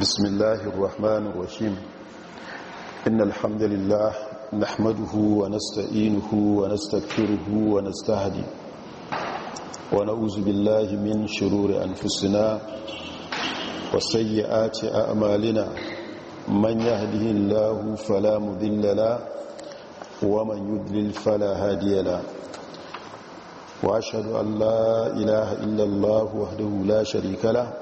بسم الله الرحمن الرحيم إن الحمد لله نحمده ونستعينه ونستغفره ونستهدي ونعوذ بالله من شرور أنفسنا وسيئات أعمالنا من يهده الله فلا مذل له ومن يذلل فلا هادي له وأشهد أن لا إله إلا الله وحده لا شريك له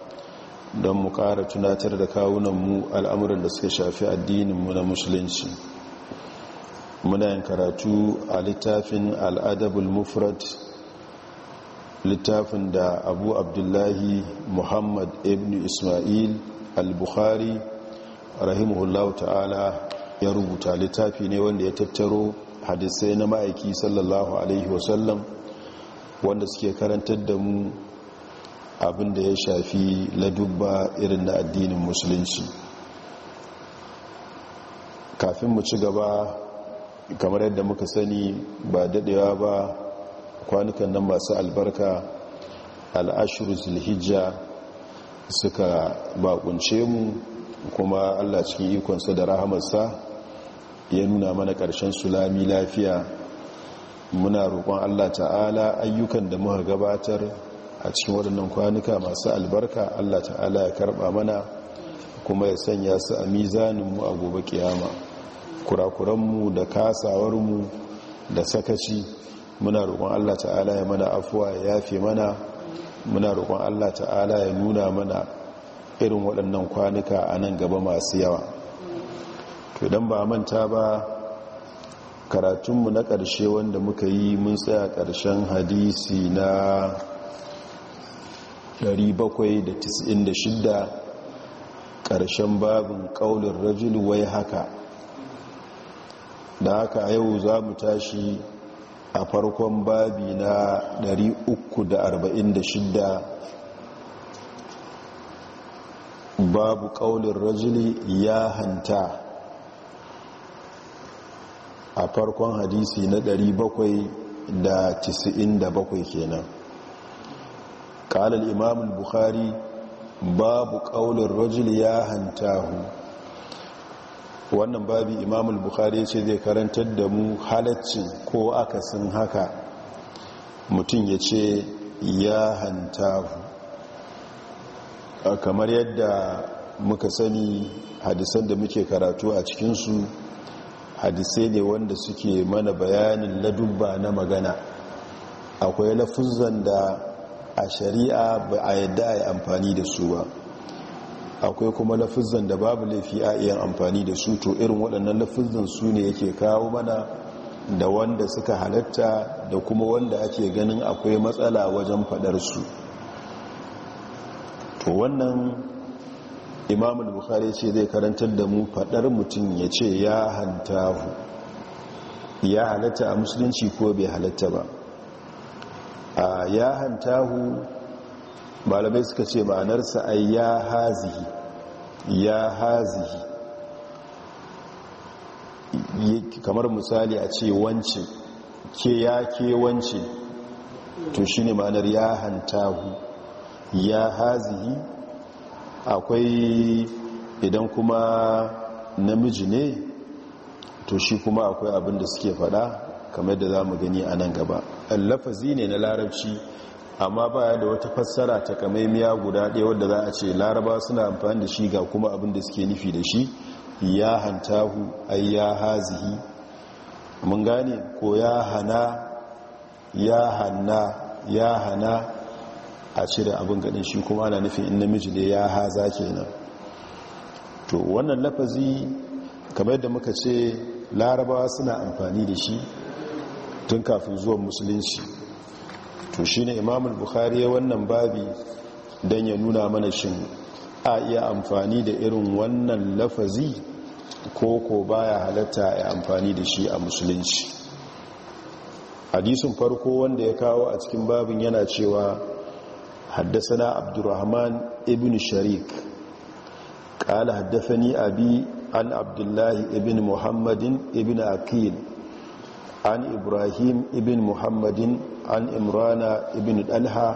don mu ƙara tunatar da kawunanmu al'amuran da suka shafi addininmu na musulunci muna yin karatu a littafin al'adabul mufrad littafin da abu abdullahi muhammad ibn ismail al-bukhari rahimahullahu ta'ala ya rubuta littafi ne wanda ya tattaro hadisai na ma'aiki sallallahu alaihi wasallam wanda suke karantar da mu abin da ya shafi ladubba irin na addinin musulunci kafin mu ci gaba kamar yadda muka sani ba dadewa ba kwanukan nan masu albarka al'ashiru zulhijja suka bakunce mu kuma allah cikin ikonsa da rahamarsa ya nuna mana ƙarshen sulami lafiya muna roƙon allah ta'ala ayyukan da muka gabatar a cikin waɗannan kwanuka masu albarka allah ta'ala ya karɓa mana kuma ya sanya su a mizaninmu a gobe kiyama kurakuranmu da kasawarmu da sakaci muna roƙon allah ta'ala ya mana afuwa ya yafe mana muna roƙon allah ta'ala ya nuna mana irin waɗannan kwanuka a nan gaba masu yawa to don ba manta ba karatunmu na ƙarshe wanda muka yi mun tsaya ƙarshen hadisi na 796 ƙarshen babin ƙaunin rajul wai haka da haka yau za mu tashi a farkon babi na 346 babu ƙaunin rajuli ya hanta a farkon hadisi na 797 kenan قال الإمام البخاري باب قول الرجل يا هنتاه wannan babi imamul bukhari ce zai karantar da mu halacci ko akasin haka mutum ya ce ya hantahu kamar yadda muka sani hadisan da muke karatu a cikinsu hadisai ne wanda suke mana bayanin ladubba na magana akwai lafuzan da a shari'a ba a yadda a yi amfani da su ba akwai kuma lafizan da babu laifi a iya amfani da su to irin waɗannan lafizan su ne yake kawo mana da wanda suka halatta da kuma wanda ake ganin akwai matsala wajen faɗar su to wannan imamul bukhari ce zai karantar da mu faɗar mutum ya ce ya hantahu ya halatta a musulunci ko bai halatta ba a ya hantahu malamai suka ce ma'anarsa a ya hazihi ya hazihi kamar misali a ce wance ke ya ke wance to shi ne ma'anar ya hantahu ya hazihi akwai idan kuma namiji ne to shi kuma akwai abin da suke fada kamar da za mu gani a nan gaba lafazi ne na larabci amma baya da wata fassara ta kamaimiya guda ɗaya wadda za a ce laraba suna amfani da shi ga kuma abin da suke nufi da shi ya hantahu ai ya hazihi mun gane ko ya hana ya hana ya hana a cire abin ganin shi kuma ana nufin in namiji ne ya haza kenan to wannan lafazi kamar da muka ce larabawa suna amfani da shi tun kafin zuwan musulunci to shi ne imamul bukhari ya wannan babi don ya nuna mana shin a iya amfani da irin wannan lafazi ko ko baya halatta ya amfani da shi a musulunci hadisun farko wanda ya kawo a cikin babin yana cewa haddasa na abdurrahman ibn sharik قال حدثني أبي عن عبد الله ibn محمد ابن أكيل an ibrahim Ibin muhammadin an imrana Ibin dalha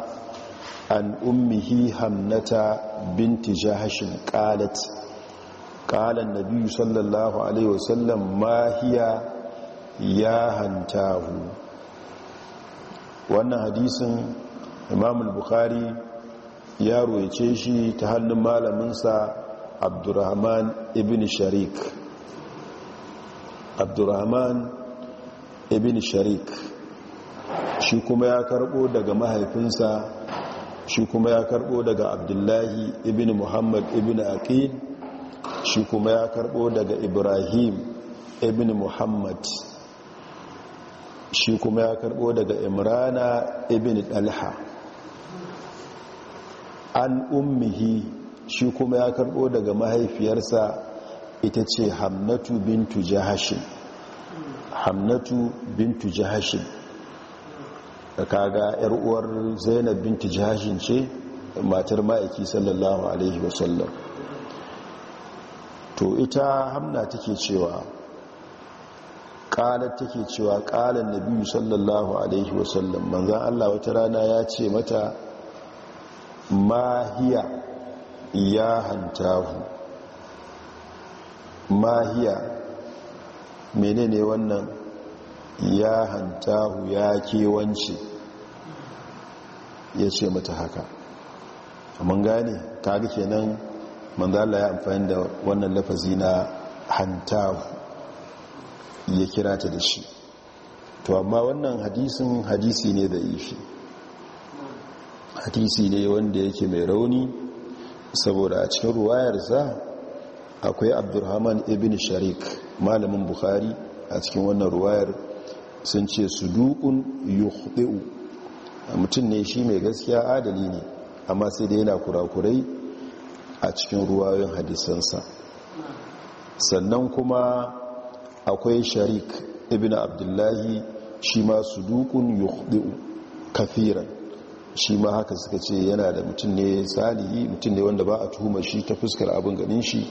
an ummihi hamnata binti jahashin qalat qala an-nabi sallallahu ya hantahu wannan hadisin imam al-bukhari ya royace shi ta hannun malaminsa abdurrahman ibn sharik Abdurahman. ibn sharik shi kuma ya karbo daga mahaifinsa shi kuma ya karbo daga abdullahi ibn muhammad ibn aqil shi kuma ya karbo daga ibrahim ibn muhammad shi kuma ya karbo daga imrana ibn dalha an ummihi shi kuma ya karbo daga mahaifiyarsa ita ce hamnatu bintu jahashin hamnatu bintu jahashin kaga yar uwar zainab bintu jihashin ce matar ma'aiki sallallahu alaihi wasallam to ita hamna take cewa ƙalar take cewa ƙalar na biyu sallallahu alaihi wasallam manzan allah wata rana ya ce mata mahiya ya hantahu mahiya menene wannan ya hantahu ya kewanci? ya ce mata haka mun gane kaga kenan manzo ya amfani da wannan lafazi na hantahu ya kira ta da shi to amma wannan hadisin hadisi ne da ishi. hadisi ne wanda yake mai rauni saboda a cikin ruwayarsa akwai abdurrahman ibn sharik malamin buhari a cikin wannan ruwayar sun ce sudukun yukhdi'u mutum ne shi mai gaskiya adali ne amma sai da yana kurakurai a cikin ruwayoyin hadisansa sannan kuma akwai sharik ibn abdullahi shi ma sudukun yukhdi'u kafiran shi ma haka suka ce yana da mutum ne salihi mutum ne wanda ba a tuhumar shi ta fuskar abin ganin shi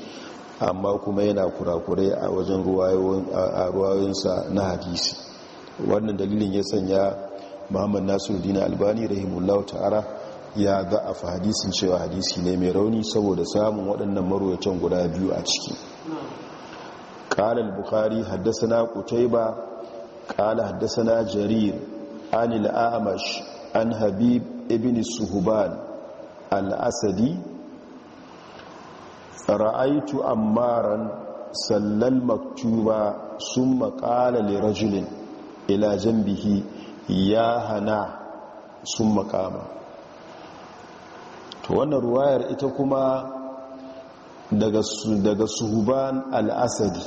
amma kuma yana kurakurai a wajen ruwayoyinsa na hadisi wannan dalilin ya sanya muhammad nasiruddin albani rahimullahu ta'ara ya za'afa hadisin cewa hadisi ne mai rauni saboda samun waɗannan marwacin guda biyu a ciki ƙalar bukari haddasa na kutaiba ƙala haddasa na jarir an al'amash an habib ibn suhuban al asadi ra'aitu ammaran sallal maktuba sun maƙala lirajulin ila bihi ya hana sun makama to wannan ruwayar ita kuma daga suhuban al'asadi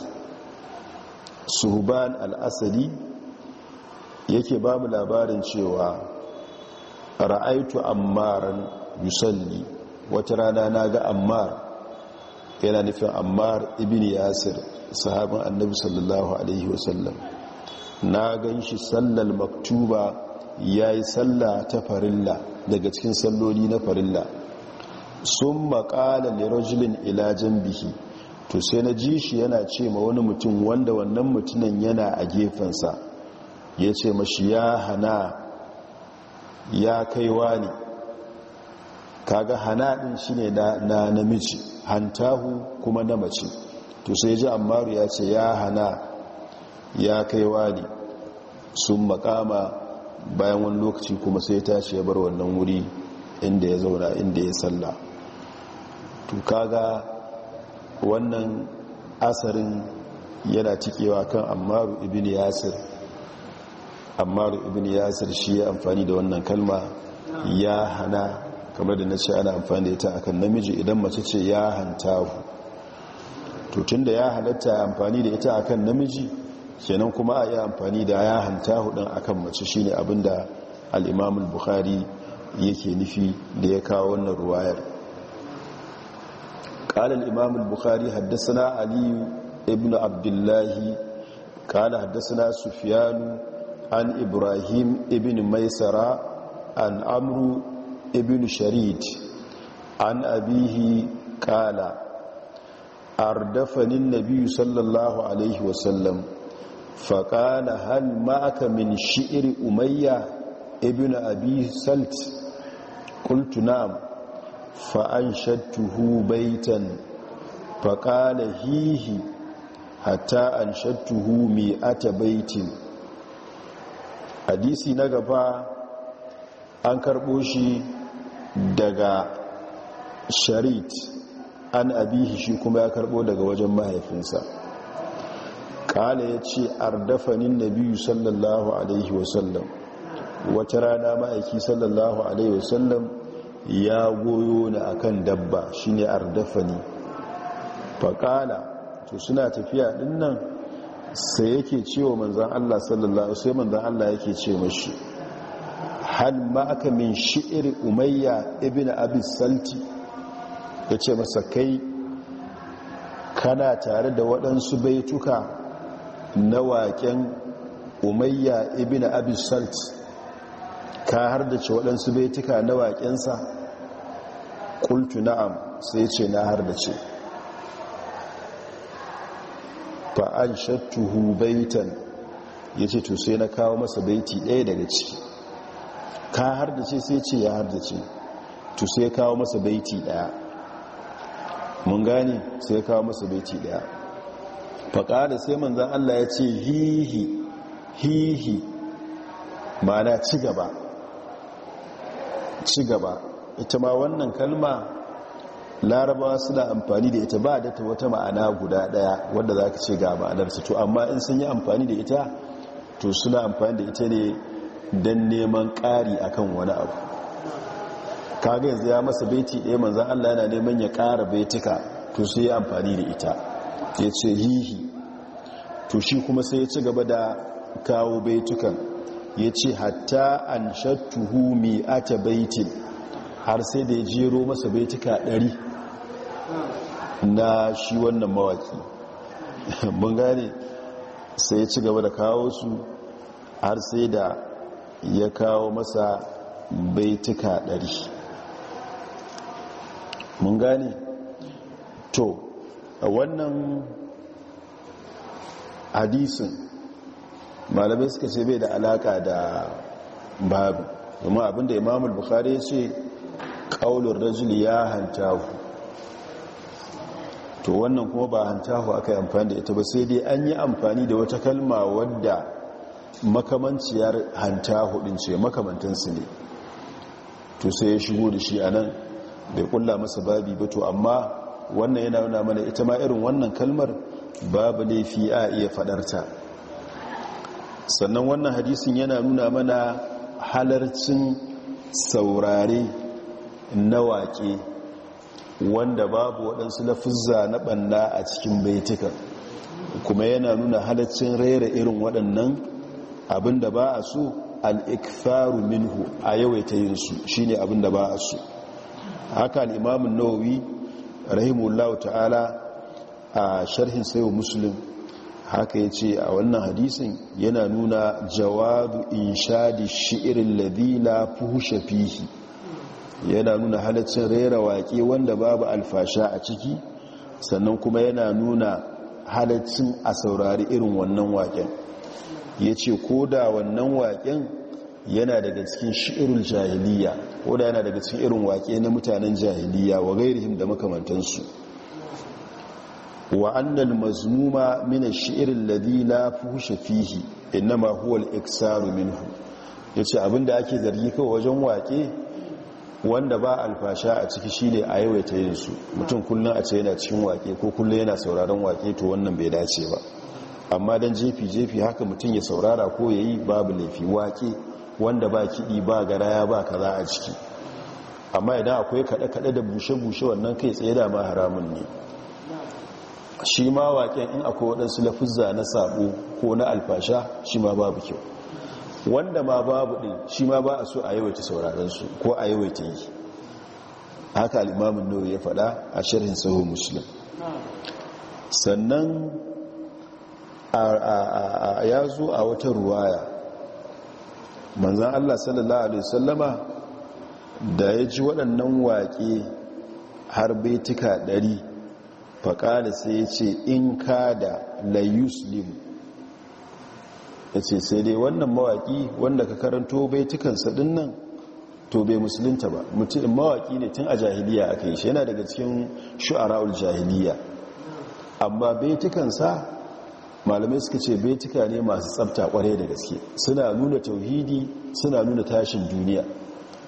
suhuban al'asadi yake ba mu labarin cewa ra'aitu ammaran yusalli wata rana na ga ammar yana nufin ammar ibn yasir sahabin annabi sallallahu alaihi wasallam na gan shi sallal maktuba ya yi salla ta farilla daga cikin salloli na farilla sun makala lirajulin ilajen bihi to sai na ji shi yana ce ma wani mutum wanda wannan mutumin yana a gefensa ya ce mashi ya hana ya kaiwa ne kaga hana din shine na na namiji hantahu kuma na mace to sai ji ammaru ya ce ya hana ya kai ne sun makama bayan wani lokaci kuma sai tashi ya bar wannan wuri inda ya zauna inda ya salla to kaga wannan asarin yana cikewa kan ammaru ibn yasir ammaru ibn yasir shi ya amfani da wannan kalma ya hana kamar da na ce ana amfani da ita akan namiji idan mace ce ya hantahu to tun da ya halatta amfani da ita akan namiji kenan kuma a yi amfani da ya hantahu din akan mace shine abinda al bukhari yake nufi da ya kawo wannan ruwayar قال الإمام البخاري حدثنا علي ابن عبد الله قال حدثنا سفيان عن إبراهيم ابن ميسرة عن عمرو ibn sharid an abihi kala ardafanin nabiyu sallallahu alaihi wasallam faƙala hal ma'aka min shi'ir umayya ibn abi salt ƙultu na'am fa'an shattuhu baitan faƙala hihi hatta an shattuhu mai ata baitin hadisi na gaba an karɓo shi daga sharit an abihi shi kuma ya karbo daga wajen mahaifinsa kala ya ce ardafanin nabiyu sallallahu alaihi wasallam wata rana ma'aiki sallallahu alaihi wasallam ya goyo ni akan dabba shine ardafani faƙala to suna tafiya nan, sai yake cewa manzan Allah sallallahu sai manzan Allah yake ce mashi hal ma aka min shi'ir umayya ibn abis salti ya ce masa kai kana tare da waɗansu baituka na waƙen umayya ibn abis salti ka har da ce waɗansu baituka na waƙensa kultu na'am sai ce na har da ce fa'an shattuhu baitan ya ce to sai na kawo masa baiti ɗaya daga ciki ka har da ce sai ce ya har ce to sai kawo masa baiti daya mun gane sai kawo masa baiti daya faƙada sai manzan Allah ya ce hihi hihi mana ci gaba ci ita ma wannan kalma larabawa suna amfani da ita ba da ta wata ma'ana guda daya wadda za ka ce ga ma'anarsa to amma in sun yi amfani da ita to suna amfani da ita ne don neman ƙari akan wani abu kaga yanzu ya masa beti ɗaya manzan Allah yana neman ya ƙara betika to sai ya amfani da ita ya ce hihi to shi kuma sai ya ci gaba da kawo betukan ya ce hatta an shattuhu mi ata baitin har sai da ya jero masa betika ɗari na shi wannan mawaki mun gane sai ya ci gaba da kawo su har sai da ya kawo masa baituka ɗari mun gane to a wannan hadisin malamai suka ce bai da alaƙa da babu domin abinda imamul bukhari ya ce ƙaunar rajuli ya hantahu to wannan kuma ba hantahu aka yi amfani da ita ba sai dai an yi amfani da wata kalma wadda makamanciyar hanta hudun ce makamantansu ne to sai ya shigo da shi a nan bai kulla masa babi ba to amma wannan yana nuna mana ita ma irin wannan kalmar babu laifi a iya fadarta sannan wannan hadisin yana nuna mana halarcin saurare na waƙe wanda babu waɗansu lafuzza na ɓanna a cikin baitukan kuma yana nuna halarcin rera irin waɗannan abinda ba a so al minhu a yawaita yin su shine abinda ba a so haka al’imamun imam rahimun ta'ala a sharhin sayo musulun, haka ya ce a wannan hadisin yana nuna jawabu inshadi shi'irin ladila fuhusha fihi yana nuna halaccin rera waƙe wanda babu alfasha a ciki sannan kuma yana nuna halaccin a saurari irin wannan waƙen ya ce ko da wannan waƙen yana daga cikin shi'irul jahiliya ko da yana daga cikin irin waƙe na mutanen jahiliya wa gairihim da makamantansu wa annal mazmuma min ash-shi'r alladhi la fuhsha fihi inma huwa al-iksaru minhu yace abinda ake zargi kawai wajen waƙe wanda ba alfasha a ciki shine a yawaita yin su mutum kullun a ce yana cikin waƙe ko kullun yana sauraron waƙe to wannan bai dace ba amma don jefi-jefi haka mutum ya saurara ko ya yi babu laifi wake wanda ba kiɗi ba ya ba kaza a ciki amma idan akwai kaɗe-kaɗe da bushe-bushe wannan kai tsaye da ma haramun ne shi ma waƙen in akwai waɗansu lafuzza na sabo ko na alfasha shi ma babu kyau wanda ma babu ɗin shi ma ba a so a yawaita saurarensu ko a yawaita yi haka al'imamin nawa ya faɗa a sharhin sahun musulun? sannan ya zo a wata ruwaya manzan allah sallallahu alaihi wasallama da ya ji waɗannan waƙe har baitika ɗari faƙaɗa sai ya ce in ka da layuslim ya ce sai dai wannan mawaƙi wanda ka karanto baitukansa ɗin nan to bai musulunta ba mutum mawaƙi ne tun a jahiliya aka yi shi yana daga cikin shu'ara'ul jahiliya amma baitukansa malamai suka ce baitika ne masu tsabta kwarai da gaske suna nuna tauhidi suna nuna tashin duniya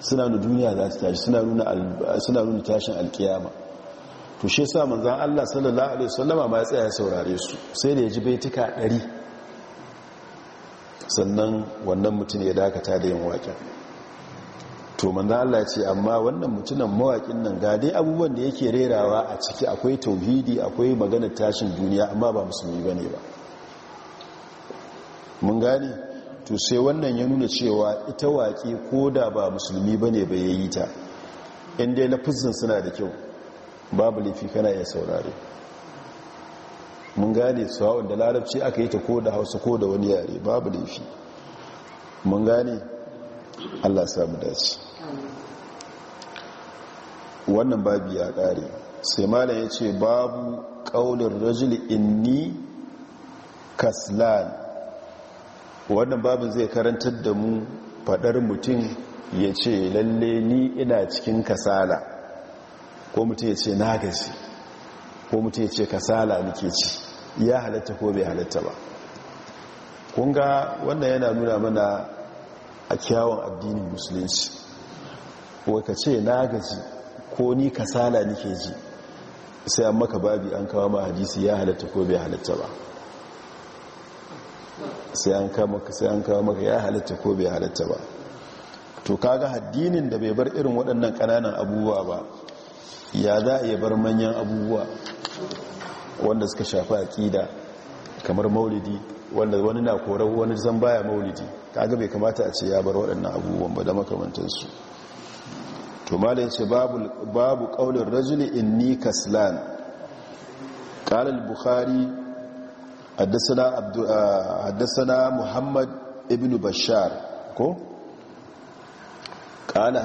suna nuna duniya za su tashi suna nuna tashin alkiyama to shi sa manzan Allah sallallahu alaihi wasallama ma ya tsaya saurare su sai da ya ji baitika ɗari sannan wannan mutum ya dakata da yin waƙen to manzan Allah ce amma wannan mutumin mawakin nan ga dai abubuwan da yake rerawa a ciki akwai tauhidi akwai maganar tashin duniya amma ba musulmi bane ba mun gane to sai wannan ya nuna cewa ita waƙe ko da ba musulmi ba ne bai yi ta inda lafizin suna da kyau babu laifi kana iya saurare mun gane sawa'un da larabci aka yi ta ko da hausa ko da wani yare babu laifi mun gane allah samu dace wannan babu ya ƙare sai malam ya ce babu ƙaunin rajul inni kaslan wannan babin zai karantar da mu fadar mutum ya ce lalle ni ina cikin kasala ko mutum ya ce na ko mutum ya ce kasala nake ci ya halatta ko bai halatta ba kunga wannan yana nuna mana a kyawun addinin musulunci ko ka ce na gaji ko ni kasala nake ji sai an maka babi an kawo ma hadisi ya halatta ko bai halatta ba sai an kawo maka ya halatta ko bai halatta ba to kaga haddinin da bai bar irin waɗannan ƙananan abubuwa ba ya za a iya bar manyan abubuwa wanda suka shafi aƙida kamar maulidi wanda wani na korar wani zan baya maulidi kaga bai kamata a ce ya bar waɗannan abubuwan ba da makamantansu to ma da ya ce babu ƙaunar rajuli inni kaslan ƙalar haddasana muhammad ibn bashar ko ƙala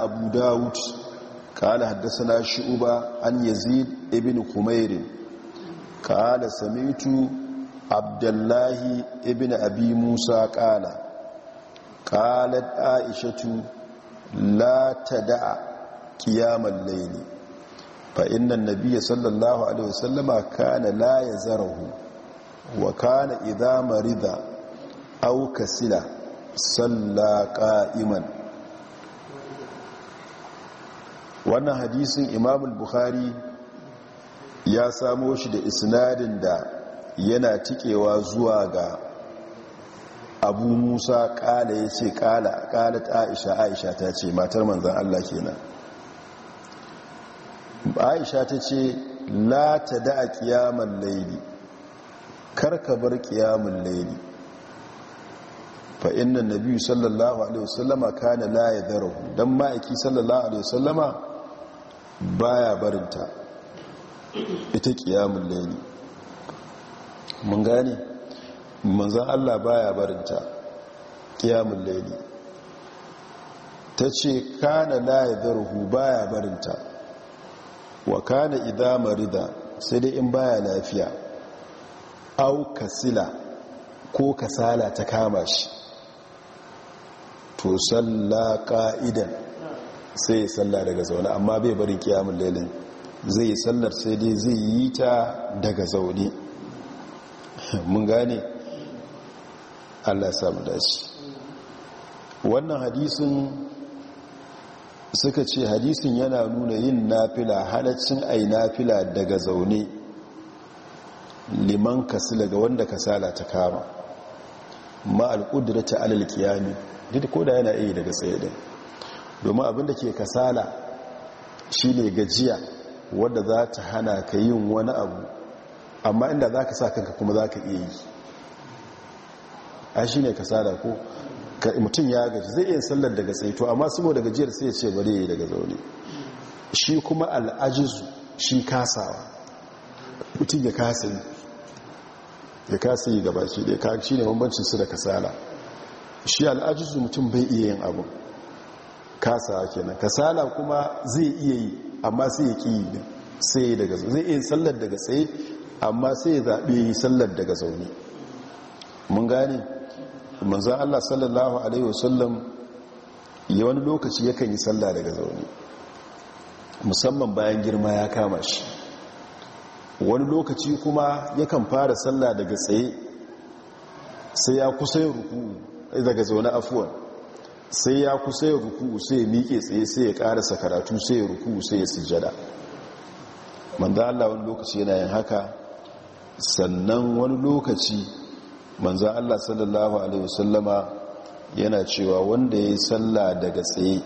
abu dawud ƙala haddasana shi'uba an yazid ibn kumairin ƙala samitu abdullahi ibn abimusa kala ƙala ƙalat aishatu la ta da'a ƙiyamar laili fa'in nan nabiya sallallahu alaihi wasallama kana la wa kana idza marida aw kasila salla qa'iman wannan hadisin imam bukhari ya samo shi da isnadin da yana tikewa zuwa ga abu musa kala ya ce kala kala ta aisha aisha ta ce matar manzan allah kenan aisha ta ce la ta da a kiyamar laili kar ka bar kiyamun laili fa inna nabi sallallahu alaihi wasallama kana la yadharahu dan ma'aiki sallallahu alaihi wasallama baya barinta ita kiyamun laili mun gane manzon Allah baya barinta kiyamun laili ta ce kana la yadharahu baya barinta wa kana idha marida sai dai in baya lafiya au kasila ko kasala ta kama shi to salla ka'idan sai ya salla daga zaune amma bai barin kiyamun lailin zai yi sallar sai dai zai yi ta daga zaune mun gane allah samu dace wannan hadisin suka ce hadisin yana nuna yin nafila halaccin ai nafila daga zaune liman kasila ga wanda kasala ta kama ma alƙudrata alal kiyami duk ko da yana iya daga tsaye din domin abinda ke kasala shine gajiya wadda za ta hana ka yin wani abu amma inda za ka sa kanka kuma za ka iya yi a shine kasala ko mutum ya gaji zai iya sallar daga tsaye to amma saboda gajiyar sai ya ce bari ya yi daga zaune shi kuma al'ajizu shi kasawa mutum ya kasa yi ya kasa yi gaba shi da ya shi ne bambancin su da kasala shi al'ajizu mutum bai iya yin abu kasa kenan kasala kuma zai iya yi amma sai ya ƙi sai daga zai iya sallar daga tsaye amma sai ya zaɓe yi sallar daga zaune mun gane manzan allah sallallahu alaihi wasallam ya wani lokaci yakan yi sallah daga zaune musamman bayan girma ya kama shi wani lokaci kuma yakan fara sallah daga tsaye sai ya kusa yin ruku eh, daga zaune afuwan sai ya kusa yin ruku sai ya miƙe tsaye sai ya ƙarasa karatu sai ya ruku sai ya sujjada manzan Allah wani lokaci yana yin haka sannan wani lokaci manzan Allah sallallahu alaihi wasallama yana cewa wanda ya yi sallah daga tsaye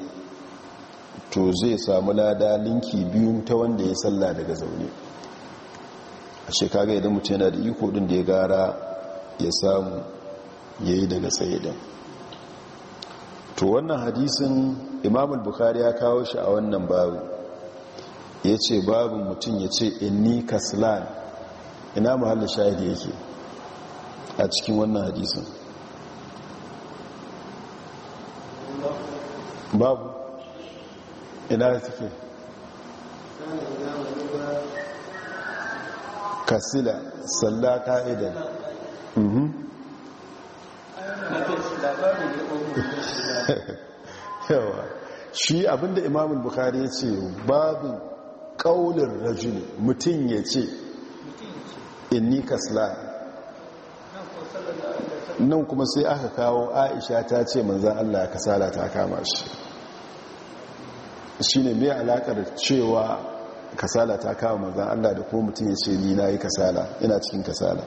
to zai samu lada linki biyun ta wanda ya yi sallah daga zaune a shekara idan mutum yana da iko din da ya gara ya samu ya yi daga tsaye din to wannan hadisin imamul bukari ya kawo shi a wannan babu ya ce babin mutum ya ce inni kaslan ina muhallin shahidi yake a cikin wannan hadisin babu ina da suke. kasila salla ka'idan mhm. yawa shi abinda imamun bukari ya ce babin ƙaunin rajuli mutum ya ce inni kasla nan kuma sai aka kawo aisha ta ce manzan allah kasala ta kama shi shi ne mai alaƙar cewa kasala ta kawo mazan, Allah da ko mutum ya ce ni na yi kasala ina cikin kasala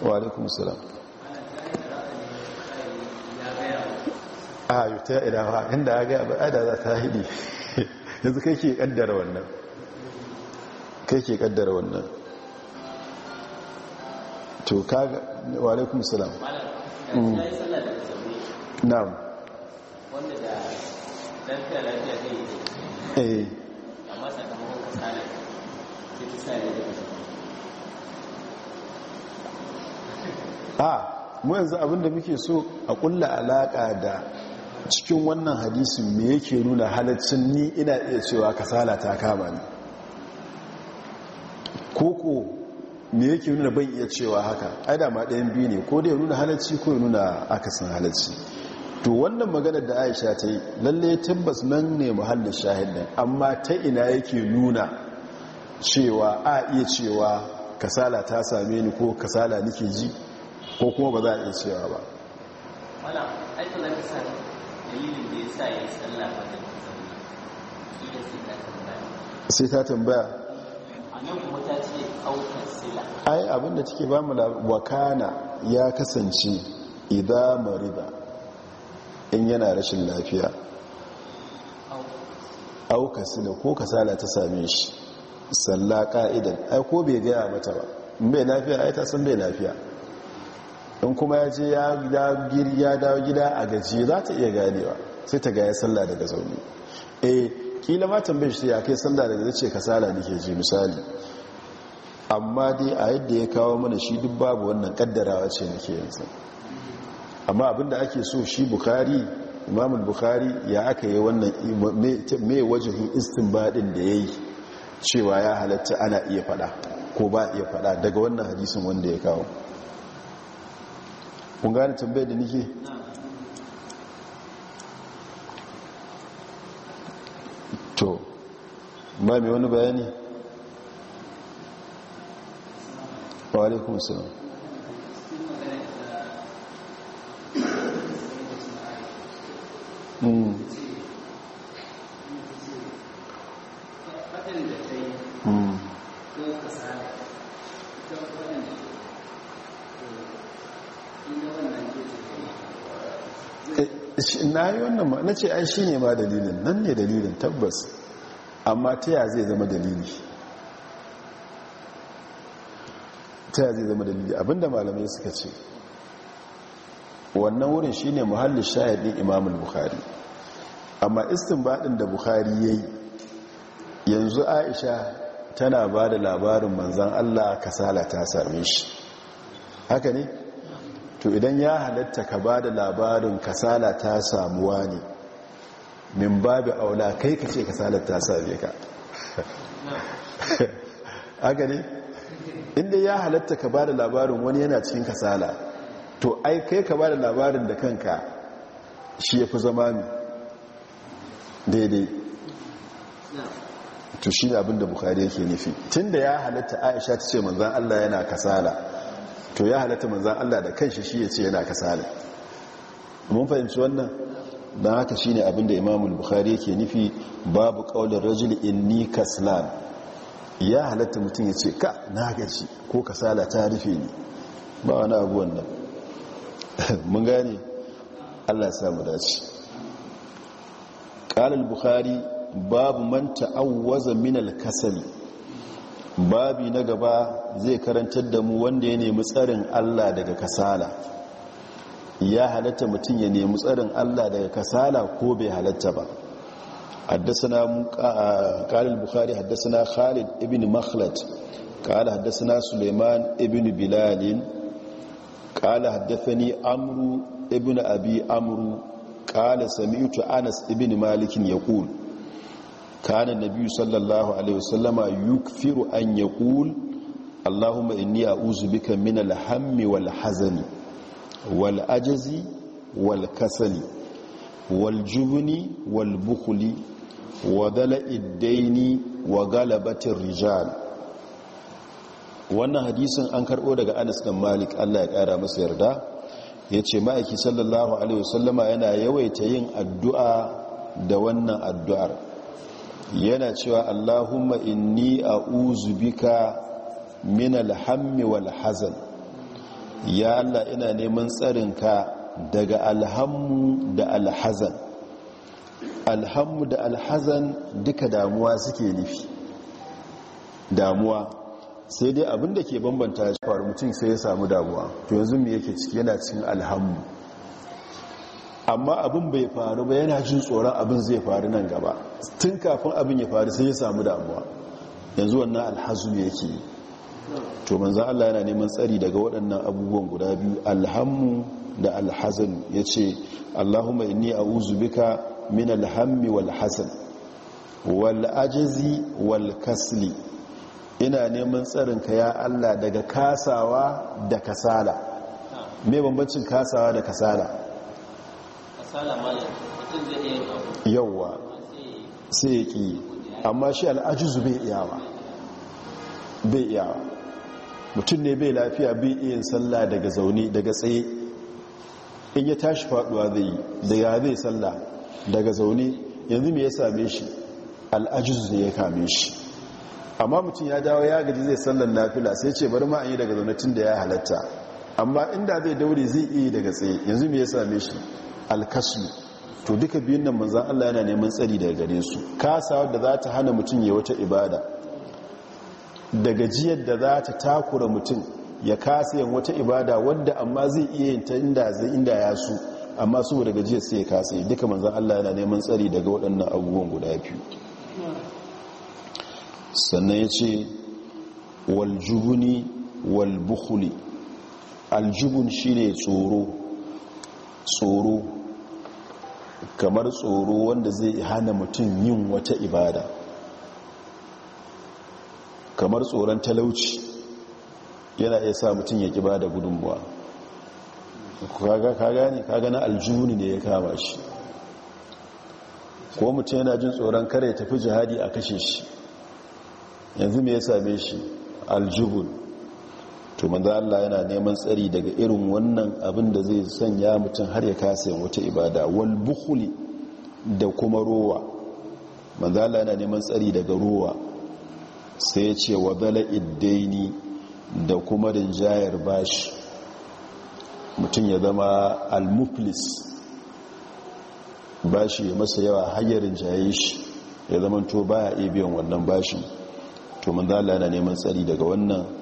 wa alaikum salam a ah, yi ta idawa inda ya gaya da za ta haɗi yanzu kai ke kaddara wannan kai ke kaddara wannan to ka wa alaikum salam mm. na'am wanda da lafiya lafiya zai a mu yanzu abinda muke so a kulla alaka da cikin wannan hadisin me yake nuna halaccin ni ina iya cewa kasala ta kama ni koko me yake nuna ban iya cewa haka ai da ma ɗayan biyu ne ko da ya nuna halacci ko ya nuna akasin halacci to wannan maganar da aisha ta yi lallai tabbas nan ne muhallin shahidan amma ta ina yake nuna cewa a iya cewa kasala ta same ni ko kasala nike ji ko kuma ba za a iya cewa ba da sai ta tambaya ai abinda take ba mu wakana ya kasance idan mariba in yana rashin lafiya au kasila ko kasala ta same shi salla ka'idan ai ko bai gaya mata ba bai lafiya ai ta san bai lafiya in kuma ya je ya dawo gida a gaji za ta iya ganewa sai ta gaya salla daga zaune eh kila ma tambayi shi ya kai salla daga zace kasala nake ji misali amma dai a yadda ya kawo mana shi duk babu wannan kaddarawa ce nake yanzu amma abinda ake so shi bukari imamul bukari ya aka yi wannan mai wajihin baɗin da ya yi cewa ya halatta ana iya fada ko ba iya fada daga wannan hadisin wanda ya kawo kun gane tambayar da nike to ba mai wani bayani wa alaikun salam na yi wannan ma na ce an shi ne ma dalilin nan ne dalilin tabbas amma ta ya zai zama dalili ta ya zai zama dalili abinda malamai suka ce wannan wurin shi ne muhallin shahidin imamul bukhari amma istinbadin da bukhari ya yi yanzu aisha tana ba da labarin manzan allah kasala ta same shi haka ne to idan ya halatta ka ba da labarin kasala ta samuwa ne min babu aula kai ka ce kasalar ta same ka haka ne inda ya halatta ka ba da labarin wani yana cikin kasala to ai kai ka ba da labarin da kanka shi ya fi zama mi daidai to shi abinda bukari yake nufi tun da ya halatta aisha ta ce manzan allah yana kasala to ya halatta manzan Allah da kanshi shi ya ce yana kasala mun fahimci wannan don haka shi ne abinda imamul bukhari yake nufi babu ƙaunar in ni kaslan ya halatta mutum ya ce ka na gaji ko kasala ta rufe ni ba wani abu wannan mun gane Allah samu dace ƙalar bukhari babu manta ta'awwaza min kasali babi na gaba zai karantar da mu wanda ya nemi tsarin Allah daga kasala ya halatta mutum ya nemi tsarin Allah daga kasala ko bai halatta ba haddasa kalin bukari haddasa na khalid ibn makhlat kala haddasa na suleiman ibn bilalin kala haddasa ni amuru ibn abi amuru kala anas ibn malikin ya kana nabi sallallahu alaihi wasallama yukfiru an yaqul allahumma inni a'udhu bika min al-hammi wal hazani wal ajzi wal kasali wal wa dala'id rijal wannan hadisin an karɓo daga anas dan malik allah ya kara masa yarda ya ce ma'aiki sallallahu alaihi wasallama yana yawaita yin addu'a da wannan addu'ar yana cewa allahumma inni a bika min alhammi wal hazan ya allah ina neman tsarinka daga alhammu da alhazan alhammu da alhazan duka damuwa suke nufi damuwa sai dai abinda ke bambanta ya mutum sai ya samu damuwa to yanzu me yake ciki yana cikin alhammu amma abin bai faru ba yana jin tsoron abin zai faru nan gaba tun kafin abin ya faru sai ya samu damuwa yanzu wannan alhazu yake to manzo Allah yana neman tsari daga waɗannan abubuwan guda biyu alhammu da alhazan yace ce Allahumma inni a'udhu bika min alhammi wal hasan wal ajzi wal kasli ina neman tsarin ka ya Allah daga kasawa da kasala me bambancin kasawa da kasala yauwa sai ya ƙi amma shi al'ajizu bai iyawa bai ba mutum ne bai lafiya bai iya sallah daga zaune daga tsaye in ya tashi faduwa zai daga zai sallah daga zaune yanzu mai ya same shi al'ajizu ne ya kame shi amma mutum ya dawo ya gaji zai sallar nafila sai ce bari ma an yi daga zaune da ya halatta amma inda zai daure zai iya daga tsaye yanzu mai ya same shi alkaslu to duka biyun nan manzan Allah yana neman tsari daga gare su kasa da za ta hana mutum ya wata ibada da gajiyar da za ta takura mutum ya kasa yin wata ibada wadda amma zai iya yin ta inda zai inda ya su amma su saboda gajiyar sai ya kasa yi duka manzan Allah yana neman tsari daga waɗannan abubuwan guda biyu sannan ya ce waljubuni walbukhuli aljubun shi ne tsoro kamar tsoro wanda zai hana mutum yin wata ibada kamar tsoron talauci yana iya sa mutum ya kiba da gudunmuwa kaga ne kaga na aljihuni ne ya kama shi ko mutum yana jin tsoron kare tafi jihadi a kashe shi yanzu me ya same shi aljuhun to manzo Allah yana neman tsari daga irin wannan abin da zai sanya mutum har ya kasa yin wata ibada wal bukhli da kuma rowa manzo Allah yana neman tsari daga rowa sai ya ce wa dala iddaini da kuma rinjayar bashi mutum ya zama al-muflis bashi ya masa yawa hanyar rinjaye shi ya zama to baya iya biyan wannan bashin to manzo Allah yana neman tsari daga wannan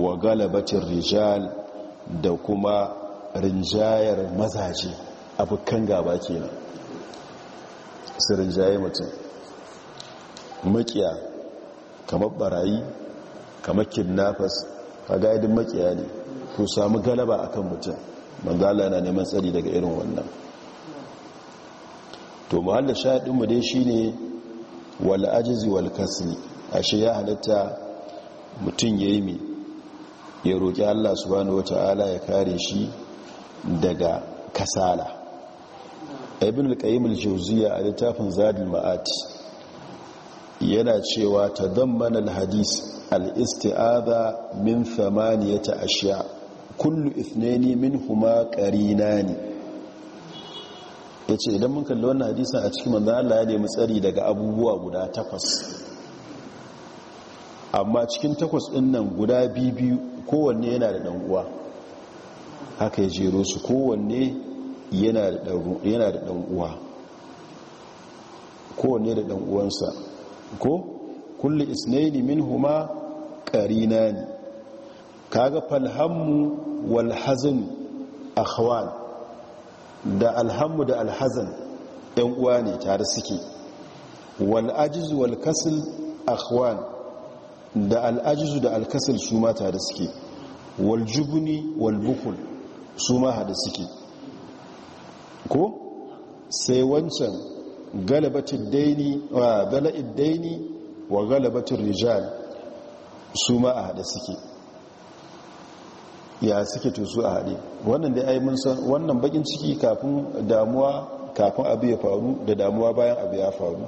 wa galabatin rijal da kuma rinjayar mazaje abokan gaba ke nan su rinjaye mutum makiya kamar barayi kamar kidnappers a gaidin makiya ne ku samu galaba akan mutum manzala yana neman tsari daga irin wannan to muhallar shaɗinmu dai shi ne wal'ajizi wal ashe ya halatta mutum ya yi mai ya roƙi allah su subhanahu wata'ala ya kare shi daga kasala ibn al-qayyim a littafin zadi ma'at yana cewa tadammana al-hadith al-isti'adha min thamaniyati ashya kullu ithnaini minhuma qarinani yace idan mun kalli wannan hadisin a cikin manzon Allah ya nemi tsari daga abubuwa guda takwas amma cikin takwas ɗin nan guda biyu kowanne yana da ɗan haka ya jero su kowanne yana da ɗan kowanne da ɗan uwansa ko kulli isnaini minhuma ne. kaga falhammu walhazin hazan akhwan da alhammu da alhazan ɗan uwa ne tare suke wal ajizu wal kasl da al'ajizu da alkasar su ma tare suke waljubuni walbukul su ma hada suke ko sai wancan galabatin daini wa gala'id daini wa galabatin rijal su ma a hada suke ya suke to su a hade wannan da yi mun san wannan bakin ciki kafin damuwa kafin abu ya faru da damuwa bayan abu ya faru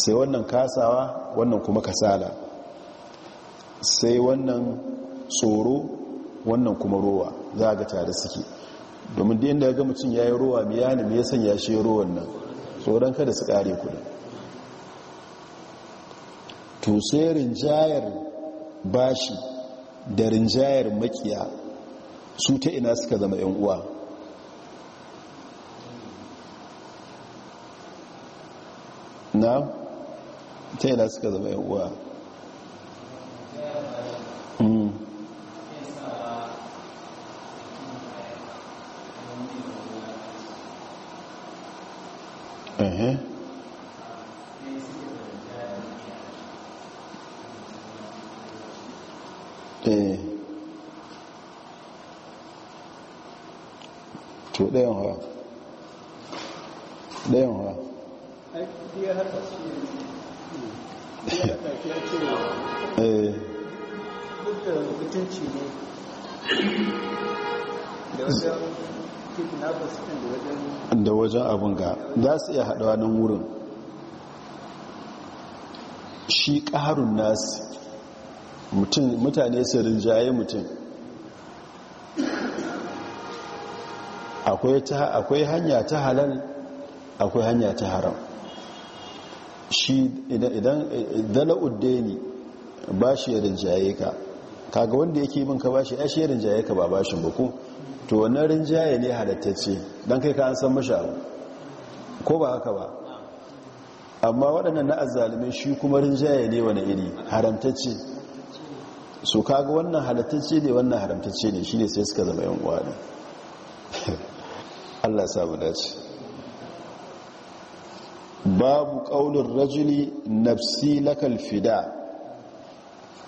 sai wannan kasawa wannan kuma kasala sai wannan tsoro wannan kuma rowa za a ga tare suke domin da ya ga mutum ya yi rowa mai yanin mai yasan ya shi rowan nan tsoron kada su kare kudin to sai rinjayar bashi da rinjayar makiya su ta ina suka zama 'yan uwa na ta yana suka zama yan hmm. eh. ɗayan mutunci ne da wajen abin ga za su iya haɗawa nan wurin shi ƙaharun nasi mutane su rinjaye mutum akwai hanya ta halal akwai hanya ta haram shi idan dala'udde ne ba shi ya rinjaye ka kaga wanda yake bin ka bashi shirin jaye ka ba bashin ba ko to wannan rinjaye ne halattacce dan kai ka an san mashi abu ko ba haka ba amma waɗannan na azzalumin shi kuma rinjaye ne wani iri haramtacce su kaga wannan halattacce ne wannan haramtacce ne shi ne sai suka zama yan uwa ne Allah samu dace babu ƙaunin rajuli nafsi lakal fida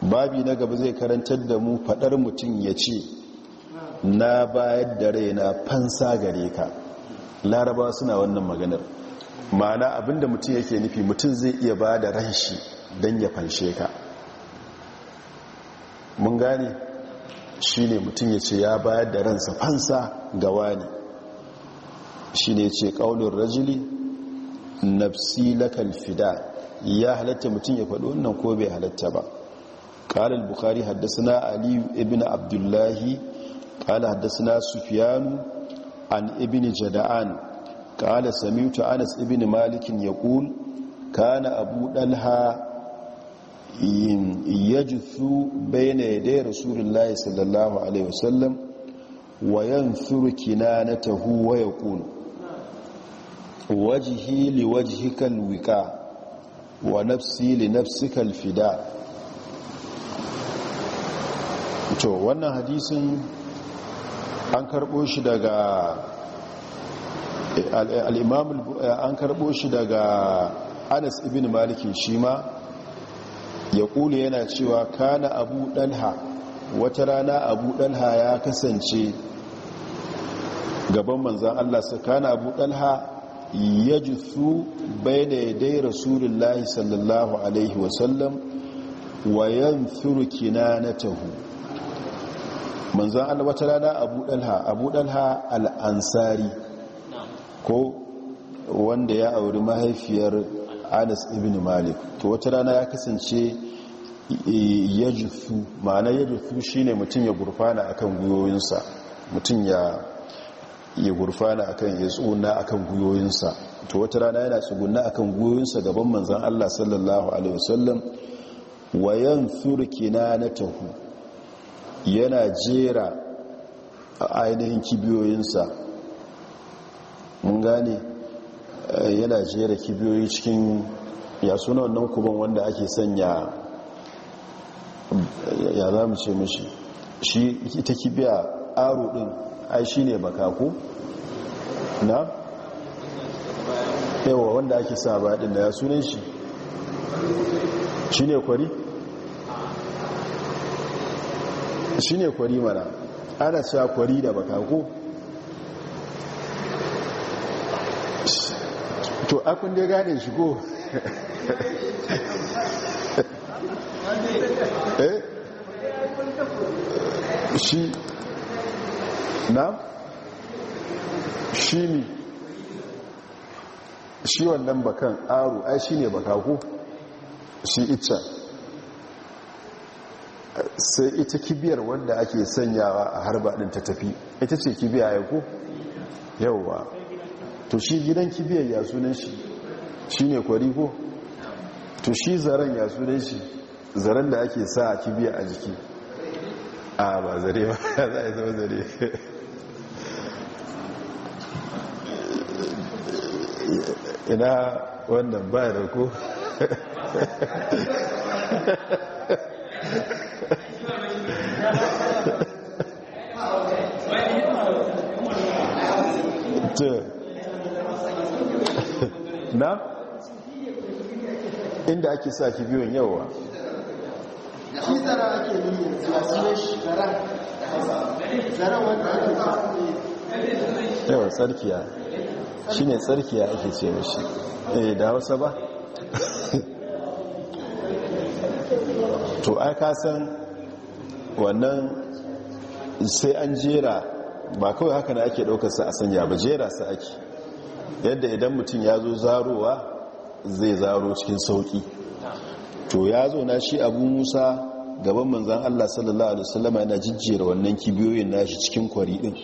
babi na gaba zai karantar da mu fadar mutum ya ce na bayar da raina fansa gare ka laraba suna wannan maganar ma'ana abinda mutum yake nufi mutum zai iya ba da ran shi don ya fanshe ka mun gane shi ne mutum ya ce ya bayar da ransa fansa ga wani shi ne ce ƙaunin rajili nafsi lakal fida ya halatta mutum ya faɗo wannan ko bai halatta ba قال البخاري حدثنا علي ابن عبد الله قال حدثنا سفيان عن ابن جدعان قال سمعت أنس ابن مالك يقول كان أبو دلها يجث بين يدي رسول الله صلى الله عليه وسلم وينثر كنانته ويقول وجهي لوجهك الوكاء ونفسي لنفسك الفداء to wannan hadisin an karbo shi daga al'imam an karbo shi daga anas ibn maliki shi ma ya kule yana cewa kana abu ɗalha wata rana abu ɗalha ya kasance gaban manzan allah su kana abu ɗalha ya su bai da ya dai rasulullahi sallallahu alaihi wasallam wa yan na tahu manzan Allah wata rana abu dalha abu dalha al'ansari ko wanda ya auri mahaifiyar anas ibn malik to wata rana ya kasance e, ya jufu ma'ana ya shi ne mutum ya gurfana akan guyoyinsa mutum ya ya gurfana akan ya tsuna akan guyoyinsa to wata rana yana tsugunna akan guyoyinsa gaban manzan Allah sallallahu alaihi wasallam wayan surkina na tahu yana jera a ainihin kibiyoyinsa mun gane eh, yana jera kibiyoyi cikin ya suna wannan kuban wanda ake sanya ya za mu ce mashi shi ita kibiya aro din ai shi ne bakako na yawa wanda ake sa baɗin da ya sunan shi shi ne kwari shi ne kwari mana ana sa kwari da baka ko to akun da gane shi ko eh? shi na shi ne shi wannan bakan aro ai shi ne ko shi ita sai ita kibiyar wanda ake sanyawa a harba din ta tafi ita ce kibiya ya ko yauwa to shi gidan kibiyar ya sunan shi shi ne kwari ko to shi zaren ya sunan shi zaren da ake sa a kibiya a jiki a ba zare ba za a yi zama zare ina wannan bayar ko na inda ake sa kibiyon yawa yawa tsarkiya shi ne tsarkiya ake ce mashi eh da hausa ba to aka san wannan sai an jera ba kawai haka na ake sa a sanya ba jera su ake yadda idan mutum ya zo zarowa zai zaro cikin sauƙi to ya zo na shi abu musa gaban manzan allah sallallahu alaihi wasallama yana jijjera wannan kibiyoyin nashi cikin kwari ɗin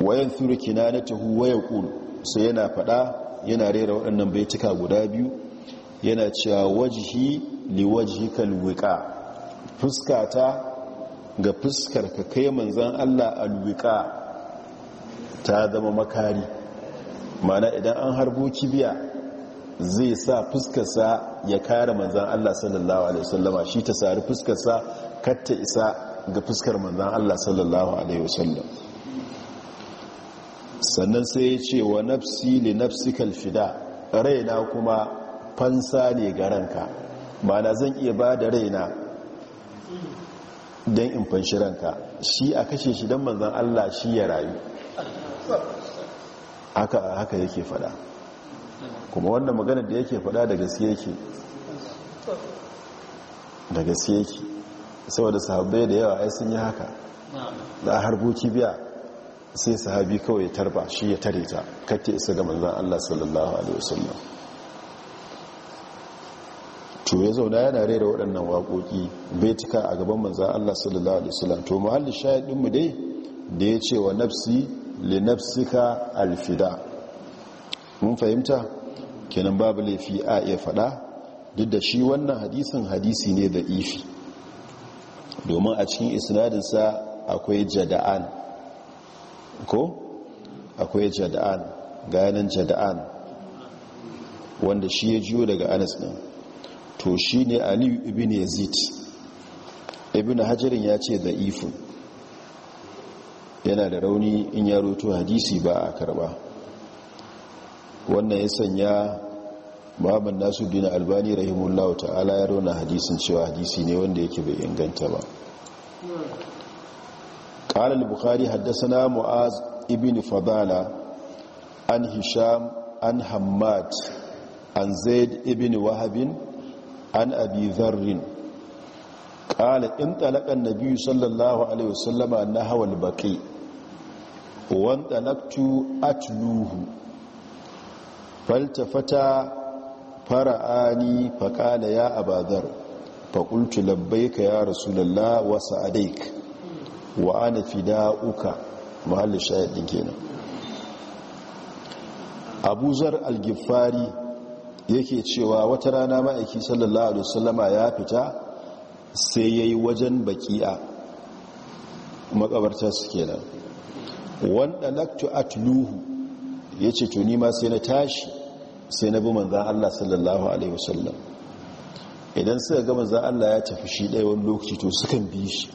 wayan na na tahu waya kun sai yana fada yana rera waɗannan baituka guda biyu yana cewa wajihi liwajhikal wiqa fuskata ga fuskar ka kai manzan Allah Alwika ta zama makari mana idan an harbo kibiya zai sa fuskarsa ya kare manzan Allah sallallahu alaihi wasallama shi ta sari fuskarsa katta isa ga fuskar manzan Allah sallallahu alaihi wasallam sannan sai ya ce wa nafsi li nafsikal fida raina kuma fansa ne ga ranka mana zan iya ba da raina don in fanshi ranka shi a kashe shi don manzan Allah shi ya rayu haka yake fada kuma wanda maganar da yake fada da gaske yake da gaske yake saboda sahabbai da yawa ai sun yi haka da harbo biya sai sahabi kawai tarba shi ya tare ta kake isa ga manzan Allah sallallahu alaihi wasallam to ya zauna yana rera waɗannan waƙoƙi bai cika a gaban manza Allah sallallahu alaihi wasallam to muhalli shahidinmu dai da ya ce wa nafsi le nafsika alfida mun fahimta kenan babu laifi a iya faɗa duk da shi wannan hadisin hadisi ne da ifi domin a cikin isnadinsa akwai jada'an ko akwai jada'an ganin jada'an wanda shi ya jiyo daga anis ɗin to shi ne aliyu ibn yazid ibn hajjarin ya ce da ifin yana da rauni in ya roto hadisi ba a karba wannan ya sanya muhammad nasu dina albani rahimullahu ta'ala ya rona hadisin cewa hadisi ne wanda yake bai inganta ba قال البخاري حدثنا معاذ ابن فضالة عن هشام عن حماد عن زيد ابن وهب an abi zarrin ƙala in talakan na biyu sallallahu alaihi wasallama na hawal baƙi wan talaktu atluhu faltafata fara'ani faƙala ya abadar faƙultu labbaika ya rasulallah wasa adaik wa ana fida'uka mahallin ɗin kenan abu zar al yake cewa wata rana ma'aiki sallallahu alaihi wasallama ya fita sai yayi wajen baki'a makabartar su kenan wanda laktu atluhu yace to ni ma sai na tashi sai na bi manzon Allah sallallahu alaihi wasallam idan suka ga manzon Allah ya tafi shi ɗaya wani lokaci to sukan bi shi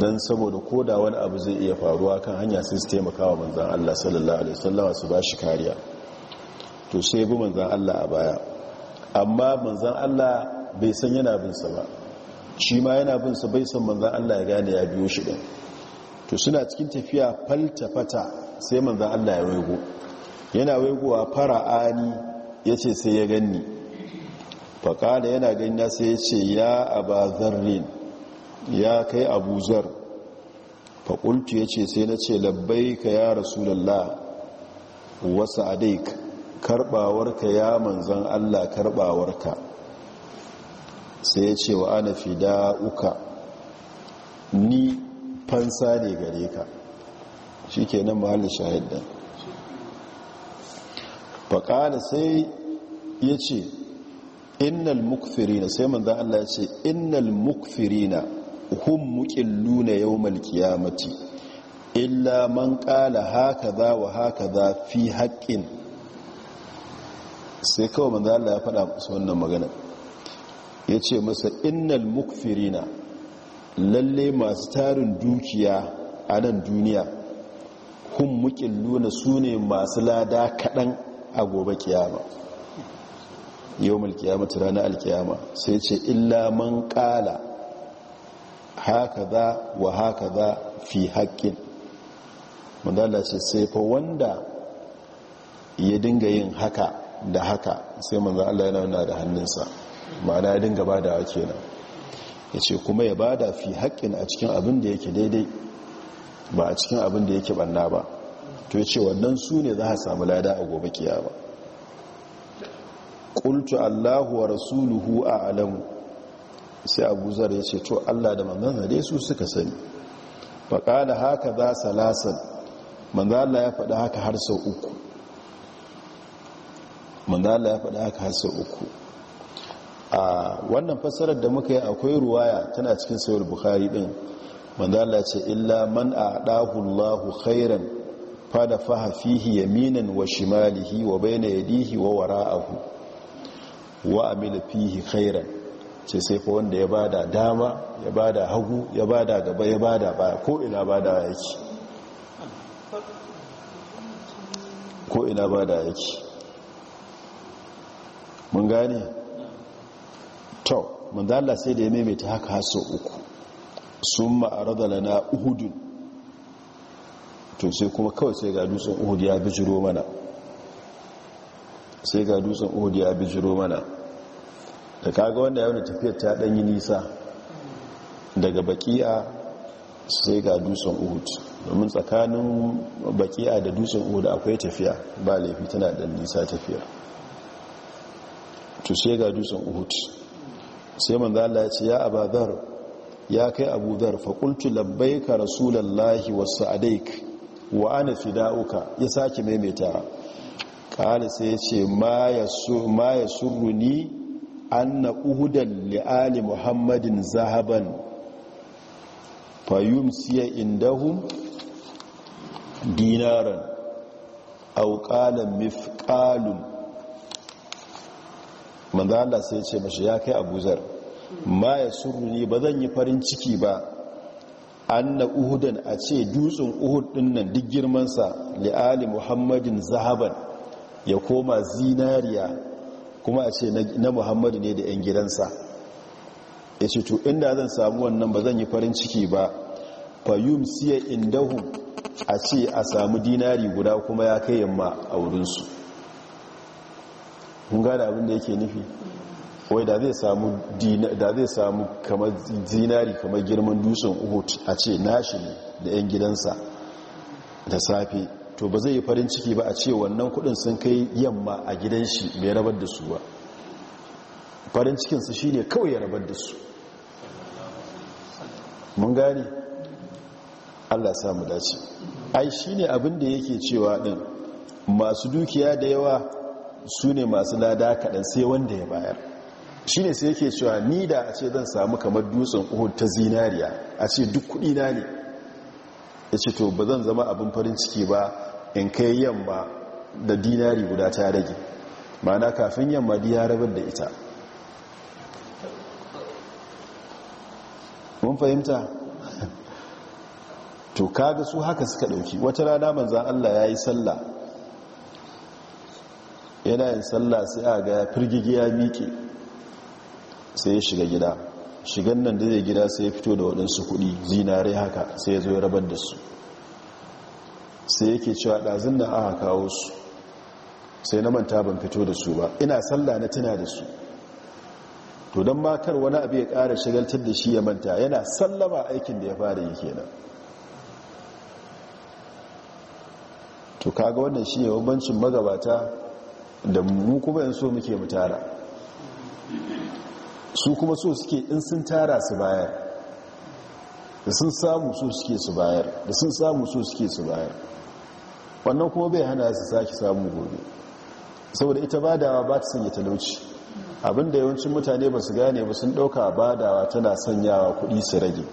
don saboda koda wani abu zai iya faruwa kan hanya sai su taimaka wa manzan Allah sallallahu Alaihi wasallama su ba shi kariya to sai bi manzan Allah a baya amma manzan Allah bai san yana binsa ba shi ma yana binsa bai san manzan Allah ya gane ya biyo shi ɗin to suna cikin tafiya falta fata sai manzan Allah ya waigo yana waigowa fara'ani ya ce sai ya ganni faƙada yana ganina sai ya ce ya abazarrin ya kai abuzar faƙultu ya ce sai na ce labbai ka ya rasulallah wasu adaik karbawarka ya manzan Allah karbawarka sai ya ce wa ana fida uka ni fansa ne gare ka shi ke nan mahallin shahidan faƙada sai ya ce innal mukfirina sai manzan Allah ya ce innal mukfirina hun luna yau malkiyamati illa man ƙala haka za wa haka za fi haƙƙin sai kawai manzo Allah ya faɗa musu wannan magana ya ce masa innal mukfirina lalle masu tarin dukiya a nan duniya hun muƙilluna su ne masu lada kaɗan a gobe kiyama yau mulkiyama ranar alkiyama sai ce illa man ƙala haka za wa haka za fi haƙƙin madala ce sai fa wanda ya dinga yin haka da haka sai manzo Allah yana nuna da hannunsa ma'ana ya dinga bada kenan yace kuma ya bada fi haƙƙin a cikin abin da yake daidai ba a cikin abin da yake banna ba to yace wannan su ne za a samu lada a gobe kiyama ƙultu allahu wa rasuluhu a sai abu zar ya to allah da manzansa dai su suka sani qala haka za salasan manzo Allah ya faɗi haka har sau uku manzala ya faɗa haka hasa uku a wannan fassarar da muka yi akwai ruwaya tana cikin sayar bukari ɗin manzala ce illa man a ɗahullahu khairan fada faha fihi yaminan wa shimalihi wa bayna yadihi wa wara'ahu wa amila fihi khairan ce sai fa wanda ya bada dama ya bada hagu ya bada gaba ya bada baya ko ina bada yake ko ina bada yake mun gane to manzala sai da ya maimaita haka har haso uku sun ma'arada na uhudun to sai kuma kawai sai ga dutsen uhud ya bijiro mana sai ga dutsen uhud ya bijiro mana da kaga wanda ya wani tafiyar ta ɗanyi nisa daga bakiya sai ga dutsen uhud domin tsakanin baƙi'a da dutsen uhud akwai tafiya ba laifi tana ɗan nisa tafiyar to sai ga dutsen uhud sai manzo Allah ya ce ya abadar ya kai abu dhar fa qultu labbaika rasulullahi wasa'adaik wa ana fida'uka ya saki maimaita kala sai ya ce ma ma surruni anna uhudan li li'ali muhammadin zahaban fayumsiya indahum dinaran dinaran auƙalan mifƙalun manzo Allah sai ya ce mashi ya kai abuzar ma ya suruni ba zan yi farin ciki ba an na uhudan a ce dutsen uhud nan duk girmansa li'ali muhammadin zahaban ya koma zinariya kuma a ce na muhammadu ne da 'yan gidansa ya ce to inda zan samu wannan ba zan yi farin ciki ba fayum siya indahun a ce a samu dinari guda kuma ya kai yamma a wurinsu mun gane abin da yake nufi wai da zai samu kamar zinari kamar girman dutsen uhud a ce nashi ne da 'yan gidansa da safe to ba zai yi farin ciki ba a ce wannan kudin sun kai yamma a gidan shi mai rabar da su ba farin cikinsu shi ne kawai ya rabar da su mun gane allah samu dace ai shi ne abin da yake cewa din masu dukiya da yawa su ne masu lada kaɗan sai wanda ya bayar shi ne sai yake cewa ni da a ce zan samu kamar dutsen uhun ta zinariya a ce duk kuɗi na ne ya ce to ba zan zama abin farin ciki ba in kai yamma da dinari guda ta rage ma'ana kafin yamma ya rabar da ita mun fahimta to kaga su haka suka ɗauki wata rana manzan allah ya yi sallah yana yin sallah sai a ga firgigi ya miƙe sai ya shiga gida shigan nan da zai gida sai ya fito da waɗansu kuɗi zinare haka sai ya zo ya rabar da su sai yake cewa ɗazin da aka kawo su sai na manta ban fito da su ba ina sallah na tuna da su to don makar wani abu ya ƙara shagaltar da shi ya manta yana sallama aikin da ya fara yi kenan to kaga wannan shi ne bambancin magabata da mu kuma yin so muke mu tara su kuma so suke in sun tara su bayar da sun samu so suke su bayar da sun samu so suke su bayar wannan kuma bai hana su sake samu gobe saboda ita badawa ba ta sanya talauci abinda yawancin mutane ba su gane ba sun ɗauka badawa tana sanyawa kuɗi su rage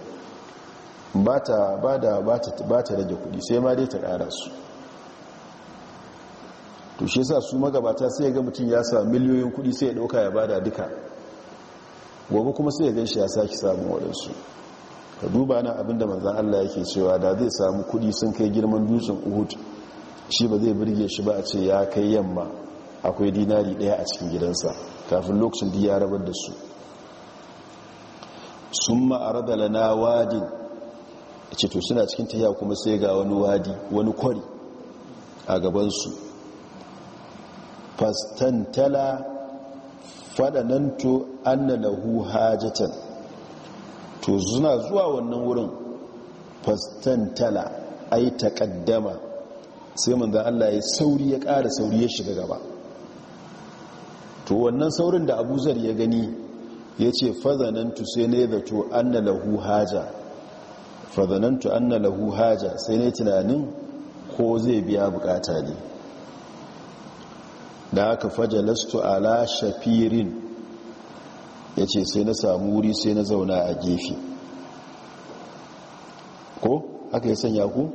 ba ta rage kuɗi sai ma dai ta ƙara su to shi sa su magabata sai ga mutum ya sa miliyoyin kudi sai ya dauka ya bada duka gobe kuma sai ya gan shi ya saki samun waɗansu ka duba na abinda manzan Allah yake cewa da zai samu kudi sun kai girman dutsen uhud shi ba zai birge shi ba a ce ya kai yamma akwai dinari ɗaya a cikin gidansa kafin lokacin da ya rabar da su sun ma'ar da lana wadi ce to suna cikin tafiya kuma sai ga wani wadi wani kwari a gabansu fastantala fadananto anna lahu hajatan to suna zuwa wannan wurin fastantala ai taqaddama sai manzo Allah ya sauri ya ƙara sauri ya shiga gaba to wannan saurin da Abu Zar ya gani yace fadanantu sai ne da to anna lahu haja fadanantu anna lahu haja sai ne tunanin ko zai biya bukata ne da aka fajalastu ala shafirin ya ce sai na samu wuri sai na zauna a gefe ko aka yi sanya ku?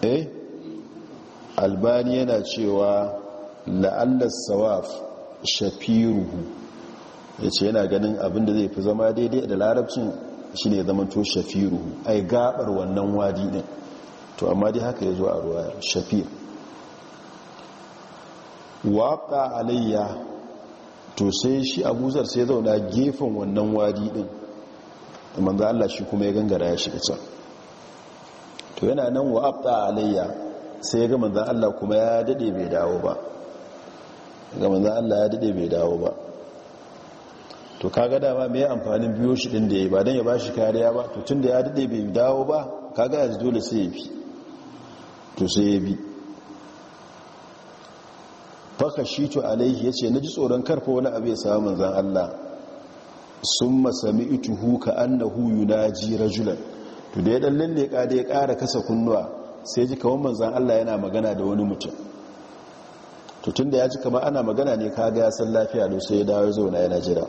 eh albani yana cewa la'allar sawaf shafiruhu ya ce yana ganin abinda zai fi zama daidai da larabcin shi ne zama to shafiruhu ai gabar wannan wadi ne. to amma dai haka ya zo a ruwa shafir waƙa alayya to sai shi abuzar sai zauna gefen wannan wadi din manzo Allah shi kuma ya gangara ya shiga can to yana nan waƙa alayya sai ya ga manzo Allah kuma ya daɗe bai dawo ba ga manzo Allah ya daɗe bai dawo ba to kaga dama mai amfanin biyo shi ɗin da ya yi, ba don ya ba shi kariya ba to tun da ya daɗe bai dawo ba kaga yanzu dole sai ya bi to sai ya bi fakashitu alaihi na ji tsoron karfa wani abu ya samu zan Allah summa na ka na ji rajulan to da ya dan lalle ƙada ya ƙara kasa kunnuwa sai ji kawon manzan Allah yana magana da wani mutum to tunda ya ji kama ana magana ne ka ga san lafiya da sai ya dawo ya zauna yana jira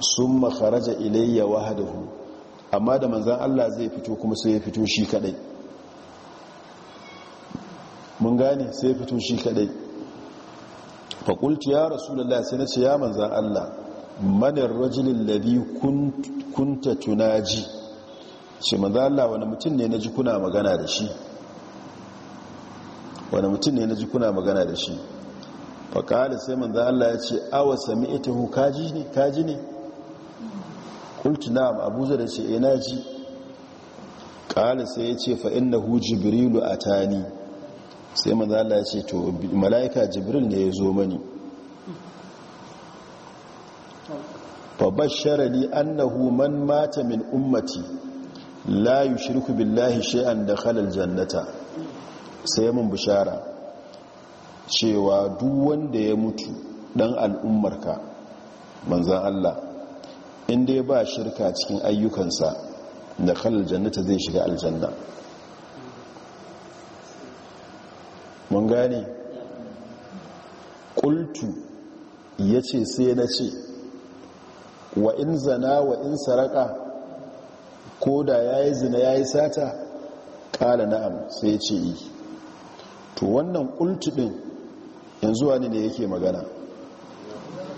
summa kharaja ilayya wahdahu amma da manzan Allah zai fito kuma sai ya fito shi kadai mun gane sai ya fito shi kadai faƙulci ya rasulallah sai na ce ya manzan allah manar rajulun labi kunta tunaji ce manzan allah wani mutum ne na ji magana da shi wani mutum ne na ji kuna magana da shi faƙali sai manzan allah ya ce awa sami ita hu kaji ne ƙulci eh, na abuza da ce ina ji ƙali sai ya ce fa'in na hu jibrilu a tani sai mazala ya ce to mala'ika jibril ne ya zo mani fabashara ni annahu man mata min ummati la yushriku billahi da dakhala jannata sai mun bishara cewa duk wanda ya mutu dan al'ummarka manzan Allah inda ya ba shirka cikin ayyukansa da dakhala jannata zai shiga aljanna mun gane ƙultu ya ce sai na ce wa in zana wa in saraka ko da ya yi zina ya yi sata ƙala na'am sai ce yi to wannan ƙultu ɗin yanzu wani ne yake magana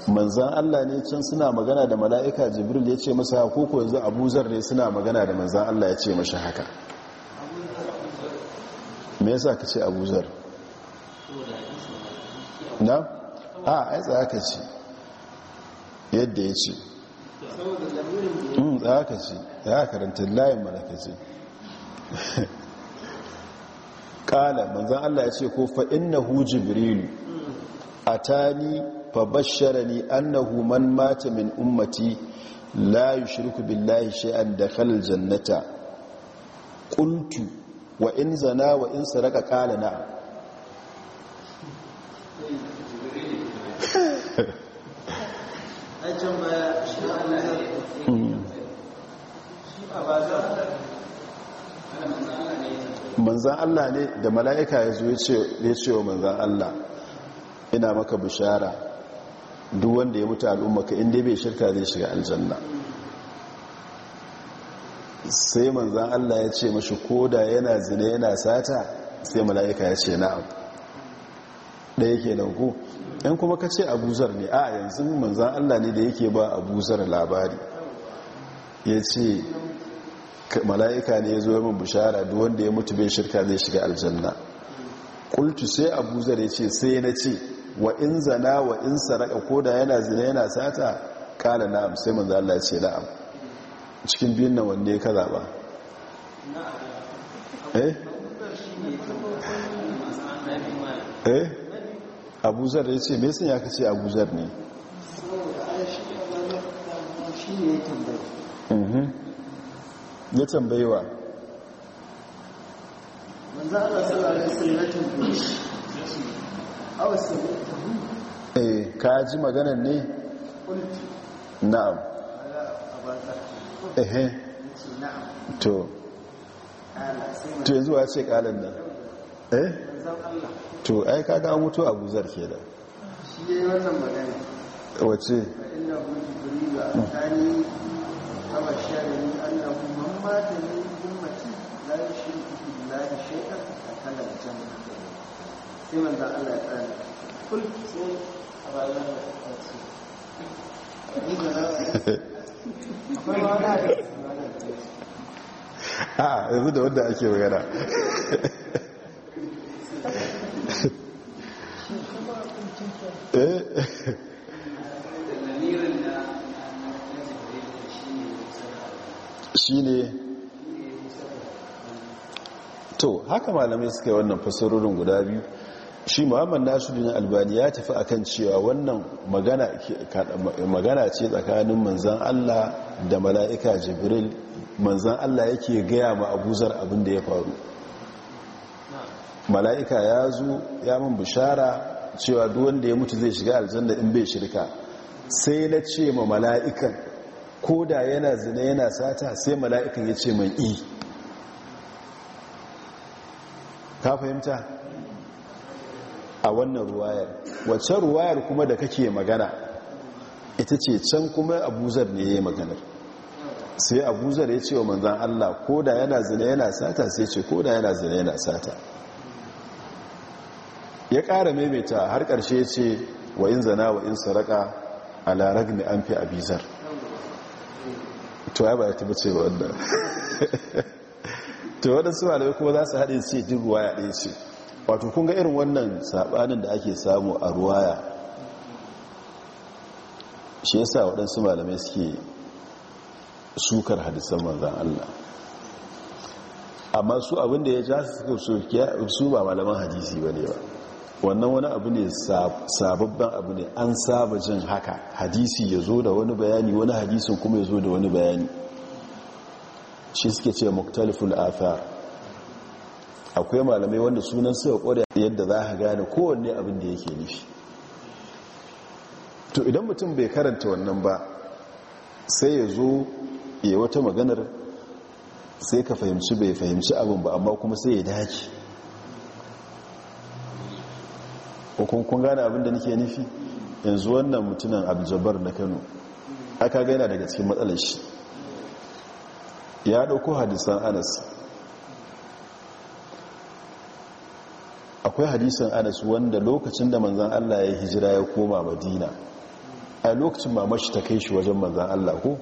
manzan Allah ne can suna magana da mala'ika jibril ya ce masa haku ko yanzu abuzar ne suna magana da manzan Allah ya ce mashi haka me yasa ka ce abuzar na? a ai tsaka ce yadda ya ce mm, tsaka ce ya karanta layin malaka ce kala manzan Allah ya ce ko fa'in fa innahu jibrilu ni fa basharani annahu man mata min ummati la yushriku billahi da dakhala jannata qultu wa in zana wa in saraka kala na'am Hmm. manzan Allah ne da mala'ika ya zuwa ya ce wa manzan Allah ina maka bishara duk wanda ya mutu al'umma al'ummaka inda bai shirka zai shiga aljanna sai manzan Allah ya ce mashi koda yana zina yana sata sai mala'ika ya ce abu. ɗaya yake dauko ‘yan kuma ka ce abuzar ne a yanzu manzan Allah ne da yake ba abuzar labari ya ce mala'ika ne ya zo yamin bishara da wanda ya mutu bai shirka zai shiga aljanna kultu sai abuzar ya ce sai na ce wa in zana wa in saraka ko da yana zina yana sata kala na'am sai manzan Allah ya ce na'am cikin biyun na wanne ka zaba eh eh abuzar ya ce mesin ya kace abuzar ne ya tambayi mhm. wa eh ka ji maganar ne na'am ehe to to yanzu wa ce kalan nan eh to ai ka an mutu abu zar ke da shi yayi wannan magana wace a ah, yanzu da wanda ake magana Eh? shi to haka malamai suka yi wannan fasarorin guda biyu shi muhammad dunin albani ya tafi akan cewa wannan magana ce tsakanin manzan allah da mala'ika jibril manzan allah yake gaya ma abuzar abin da ya faru mala'ika ya zo ya mun bishara cewa duk wanda ya mutu zai shiga aljanna in bai shirka sai na ce ma mala'ikan ko da yana zina yana sata sai mala'ikan ya ce mai i eh. ka fahimta a wannan ruwayar wacce ruwayar kuma da kake magana ita ce can kuma abuzar ne ya yi maganar sai abuzar ya ce wa manzan allah ko da yana zina yana sata sai ce ko da yana zina yana sata ya ƙara maimaita har ƙarshe ya ce wa in zana wa in saraka a larar mai an fi abizar to ya ba ya taba ce wannan to waɗansu malamai kuma za su haɗe ce duk ruwaya ɗaya ce wato kun ga irin wannan saɓanin da ake samu a ruwaya shi ya sa waɗansu malamai suke sukar hadisan manzan Allah amma su abinda ya ja su suke su ba malaman hadisi ba ne ba wannan wani abu ne sababban abu ne an saba jin haka hadisi ya zo da wani bayani wani hadisin kuma ya zo da wani bayani shi suke ce muktaliful afar akwai malamai wanda sunan suka kwada yadda za a gane kowanne abin da yake nufi to idan mutum bai karanta wannan ba sai ya zo ya wata maganar sai ka fahimci bai fahimci abin ba amma kuma sai ya dace ko kun gane abin da nake nufi yanzu wannan mutumin aljabar na kano aka gaina daga cikin matsalar shi ya ɗauko hadisan anas akwai hadisan anas wanda lokacin da manzan allah ya hijira ya koma madina a lokacin mamashi ta kai shi wajen manzan allah ko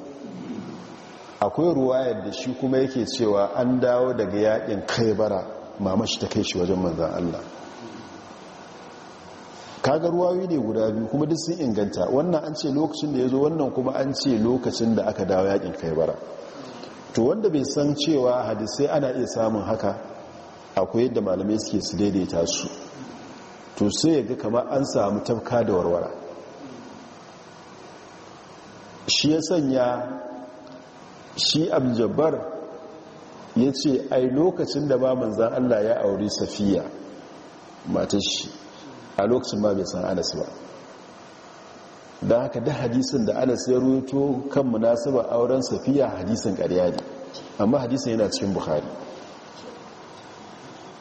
akwai ruwayar da shi kuma yake cewa an dawo daga yakin kaibara mamashi ta kai shi wajen manzan allah kaga ruwayoyi ne guda biyu kuma duk sun inganta wannan an ce lokacin da ya zo wannan kuma an ce lokacin da aka dawo yakin kai bara to wanda bai san cewa hadisai ana iya samun haka akwai yadda malamai suke su daidaita su to sai ya ga kamar an samu tafka da warwara shi ya sanya shi abjabar ya ce ai lokacin da ba manzan allah ya auri safiya matashi a lokacin ba bai san anas ba don haka da hadisin da anas ya ruto kan munasaba auren safiya hadisin ƙarya ne amma hadisun yana cikin buhari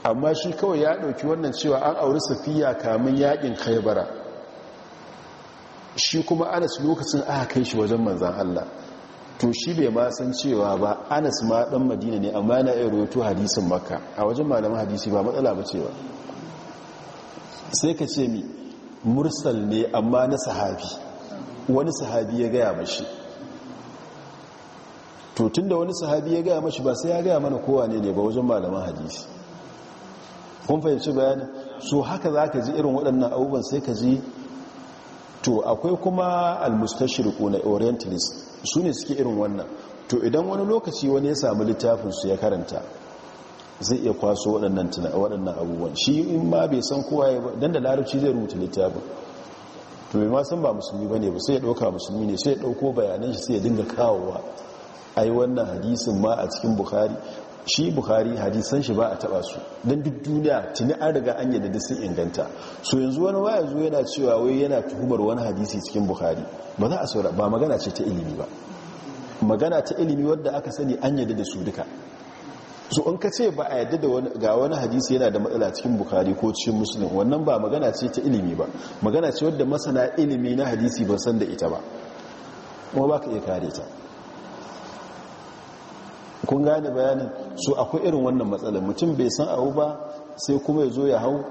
amma shi kawai ya ɗauki wannan cewa an auri safiya kamun yaƙin khaibara shi kuma anas lokacin aka kai shi wajen manzan allah to shi bai ma san cewa ba anas ma ɗan madina ne amma yana iya ruto hadisin makka a wajen malaman hadisi ba matsala ba cewa sai ka ce mi mursal ne amma na sahabi wani sahabi ya gaya mashi to tunda wani sahabi ya gaya mashi ba sai ya gaya mana kowa ne ba wajen malaman hadisi kun fahimci bayani so haka za ka ji irin waɗannan abubuwan sai ka ji to akwai kuma almustashirku na orientalist su ne suke irin wannan to idan wani lokaci wani ya samu littafinsu ya karanta zai iya kwaso waɗannan abubuwan shi in ma bai san kowa ya ba don da larabci zai rubuta littafin to bai ma san ba musulmi ba ne ba sai ya ɗauka musulmi ne sai ya ɗauko bayanan shi sai ya dinga kawowa yi wannan hadisin ma a cikin bukari shi buhari hadisan shi ba a taɓa su don duk duniya tuni an riga an yadda da sun inganta so yanzu wani waya zo yana cewa wai yana tuhumar wani hadisi cikin buhari ba za a saura ba magana ce ta ilimi ba magana ta ilimi wadda aka sani an yadda da su duka so in ka ce ba a yadda da ga wani hadisi yana da matsala cikin bukari ko cikin musulun wannan ba magana ce ta ilimi ba magana ce wadda masana ilimi na hadisi ba san da ita ba kuma ba ka iya kare ta kun gane bayanin so akwai irin wannan matsalar mutum bai san abu ba sai kuma ya zo ya hau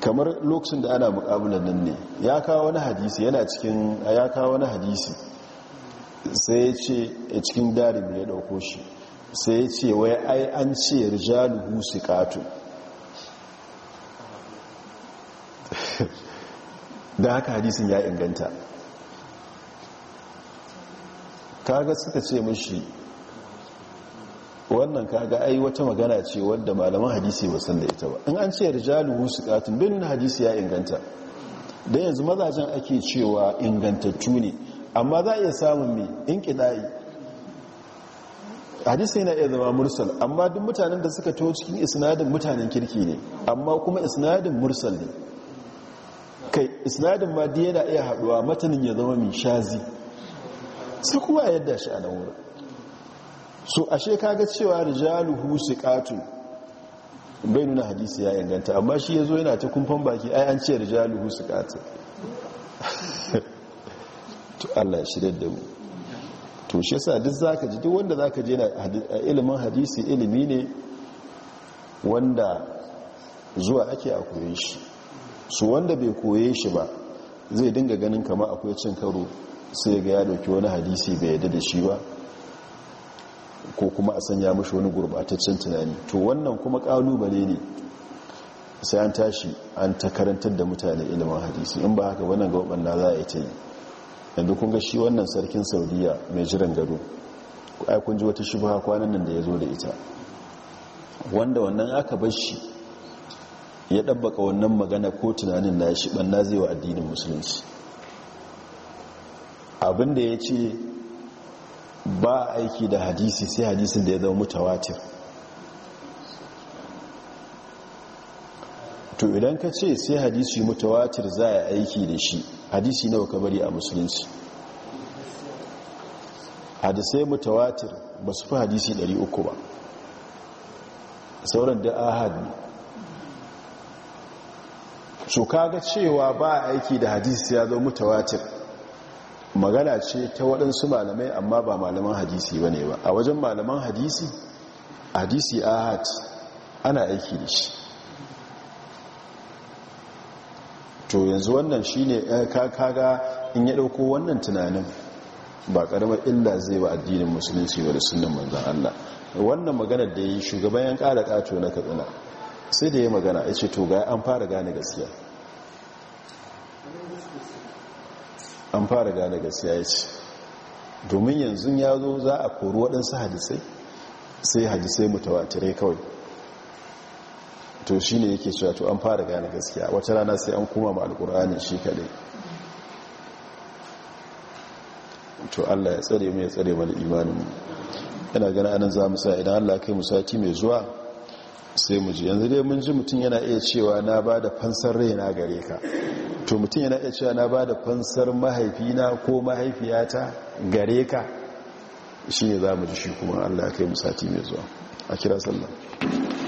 kamar lokacin da ana mukabulan nan ne ya kawo wani hadisi yana cikin ya kawo wani hadisi sai ya ce cikin darimi ya dauko shi sai ce wai ai an ce rijaluhu katu da haka hadisin ya inganta kaga suka ce mashi wannan kaga ai wata magana ce wadda malaman hadisi ba san da ita ba in an ce rijaluhu katu bin hadisi ya inganta dan yanzu mazajen ake cewa ingantattu ne amma za a iya samun mai in kidayi hadisi yana iya zama mursal amma duk mutanen da suka to cikin isnadin mutanen kirki ne amma kuma isnadin mursal ne kai isnadin ma da yana iya haduwa matanin ya zama min shazi sai kuma yadda shi a nan so ashe kaga cewa rijaluhu siqatu bai nuna hadisi ya inganta amma shi yazo yana ta kumfan baki ai an ce rijaluhu siqatu to Allah ya da mu to shi yasa duk zaka ji duk wanda zaka je na ilimin hadisi ilimi ne wanda zuwa ake a koye shi su wanda bai koye shi ba zai dinga ganin kama akwai cin karo sai ga ya dauki wani hadisi bai yadda da shi ba ko kuma a sanya mashi wani gurbataccen tunani to wannan kuma kalubale ne sai an tashi an ta karantar da mutane ilimin hadisi in ba haka wannan ga na za a yi ta yi yanzu kun ga shi wannan sarkin saudiya mai jiran gado ai kun ji wata shubha kwanan nan da ya zo da ita wanda wannan aka bar shi ya ɗabbaka wannan magana ko tunanin na shi ɓanna zai wa addinin musulunci abinda ya ce ba aiki da hadisi sai hadisin da ya zama mutawatir to idan ka ce sai hadisi mutawatir za a aiki da shi hadisi nawa ka bari a musulunci hadisai mutawatir ba su fi hadisi 300 ba sauran da ahad ne so kaga cewa ba aiki da hadisi ya zo mutawatir magana ce ta waɗansu malamai amma ba malaman hadisi ba ne ba a wajen malaman hadisi hadisi ahad ana aiki da shi to yanzu wannan shine eh, kaga in ya dauko wannan tunanin ba karamar illa zai ba addinin musulunci ba da sunan manzan Allah wannan maganar da yi shugaban yan kada kato na katsina sai da ya magana ya ce to ga an fara gane gaskiya an fara gane gaskiya ya ce domin yanzu ya zo za a kori waɗansu hadisai sai hadisai mutawatirai kawai to shi ne yake cewa to an fara gane gaskiya wata rana sai an kuma ma alkur'ani shi kadai to allah ya tsare mu ya tsare mana imanin yana gana anan za mu sa idan allah kai musati mai zuwa sai mu ji yanzu dai mun ji mutum yana iya cewa na ba da fansar raina gare ka to mutum yana iya cewa na ba da fansar mahaifina ko mahaifiyata gare ka shi ne za mu ji shi kuma allah kai musati mai zuwa a kira sallah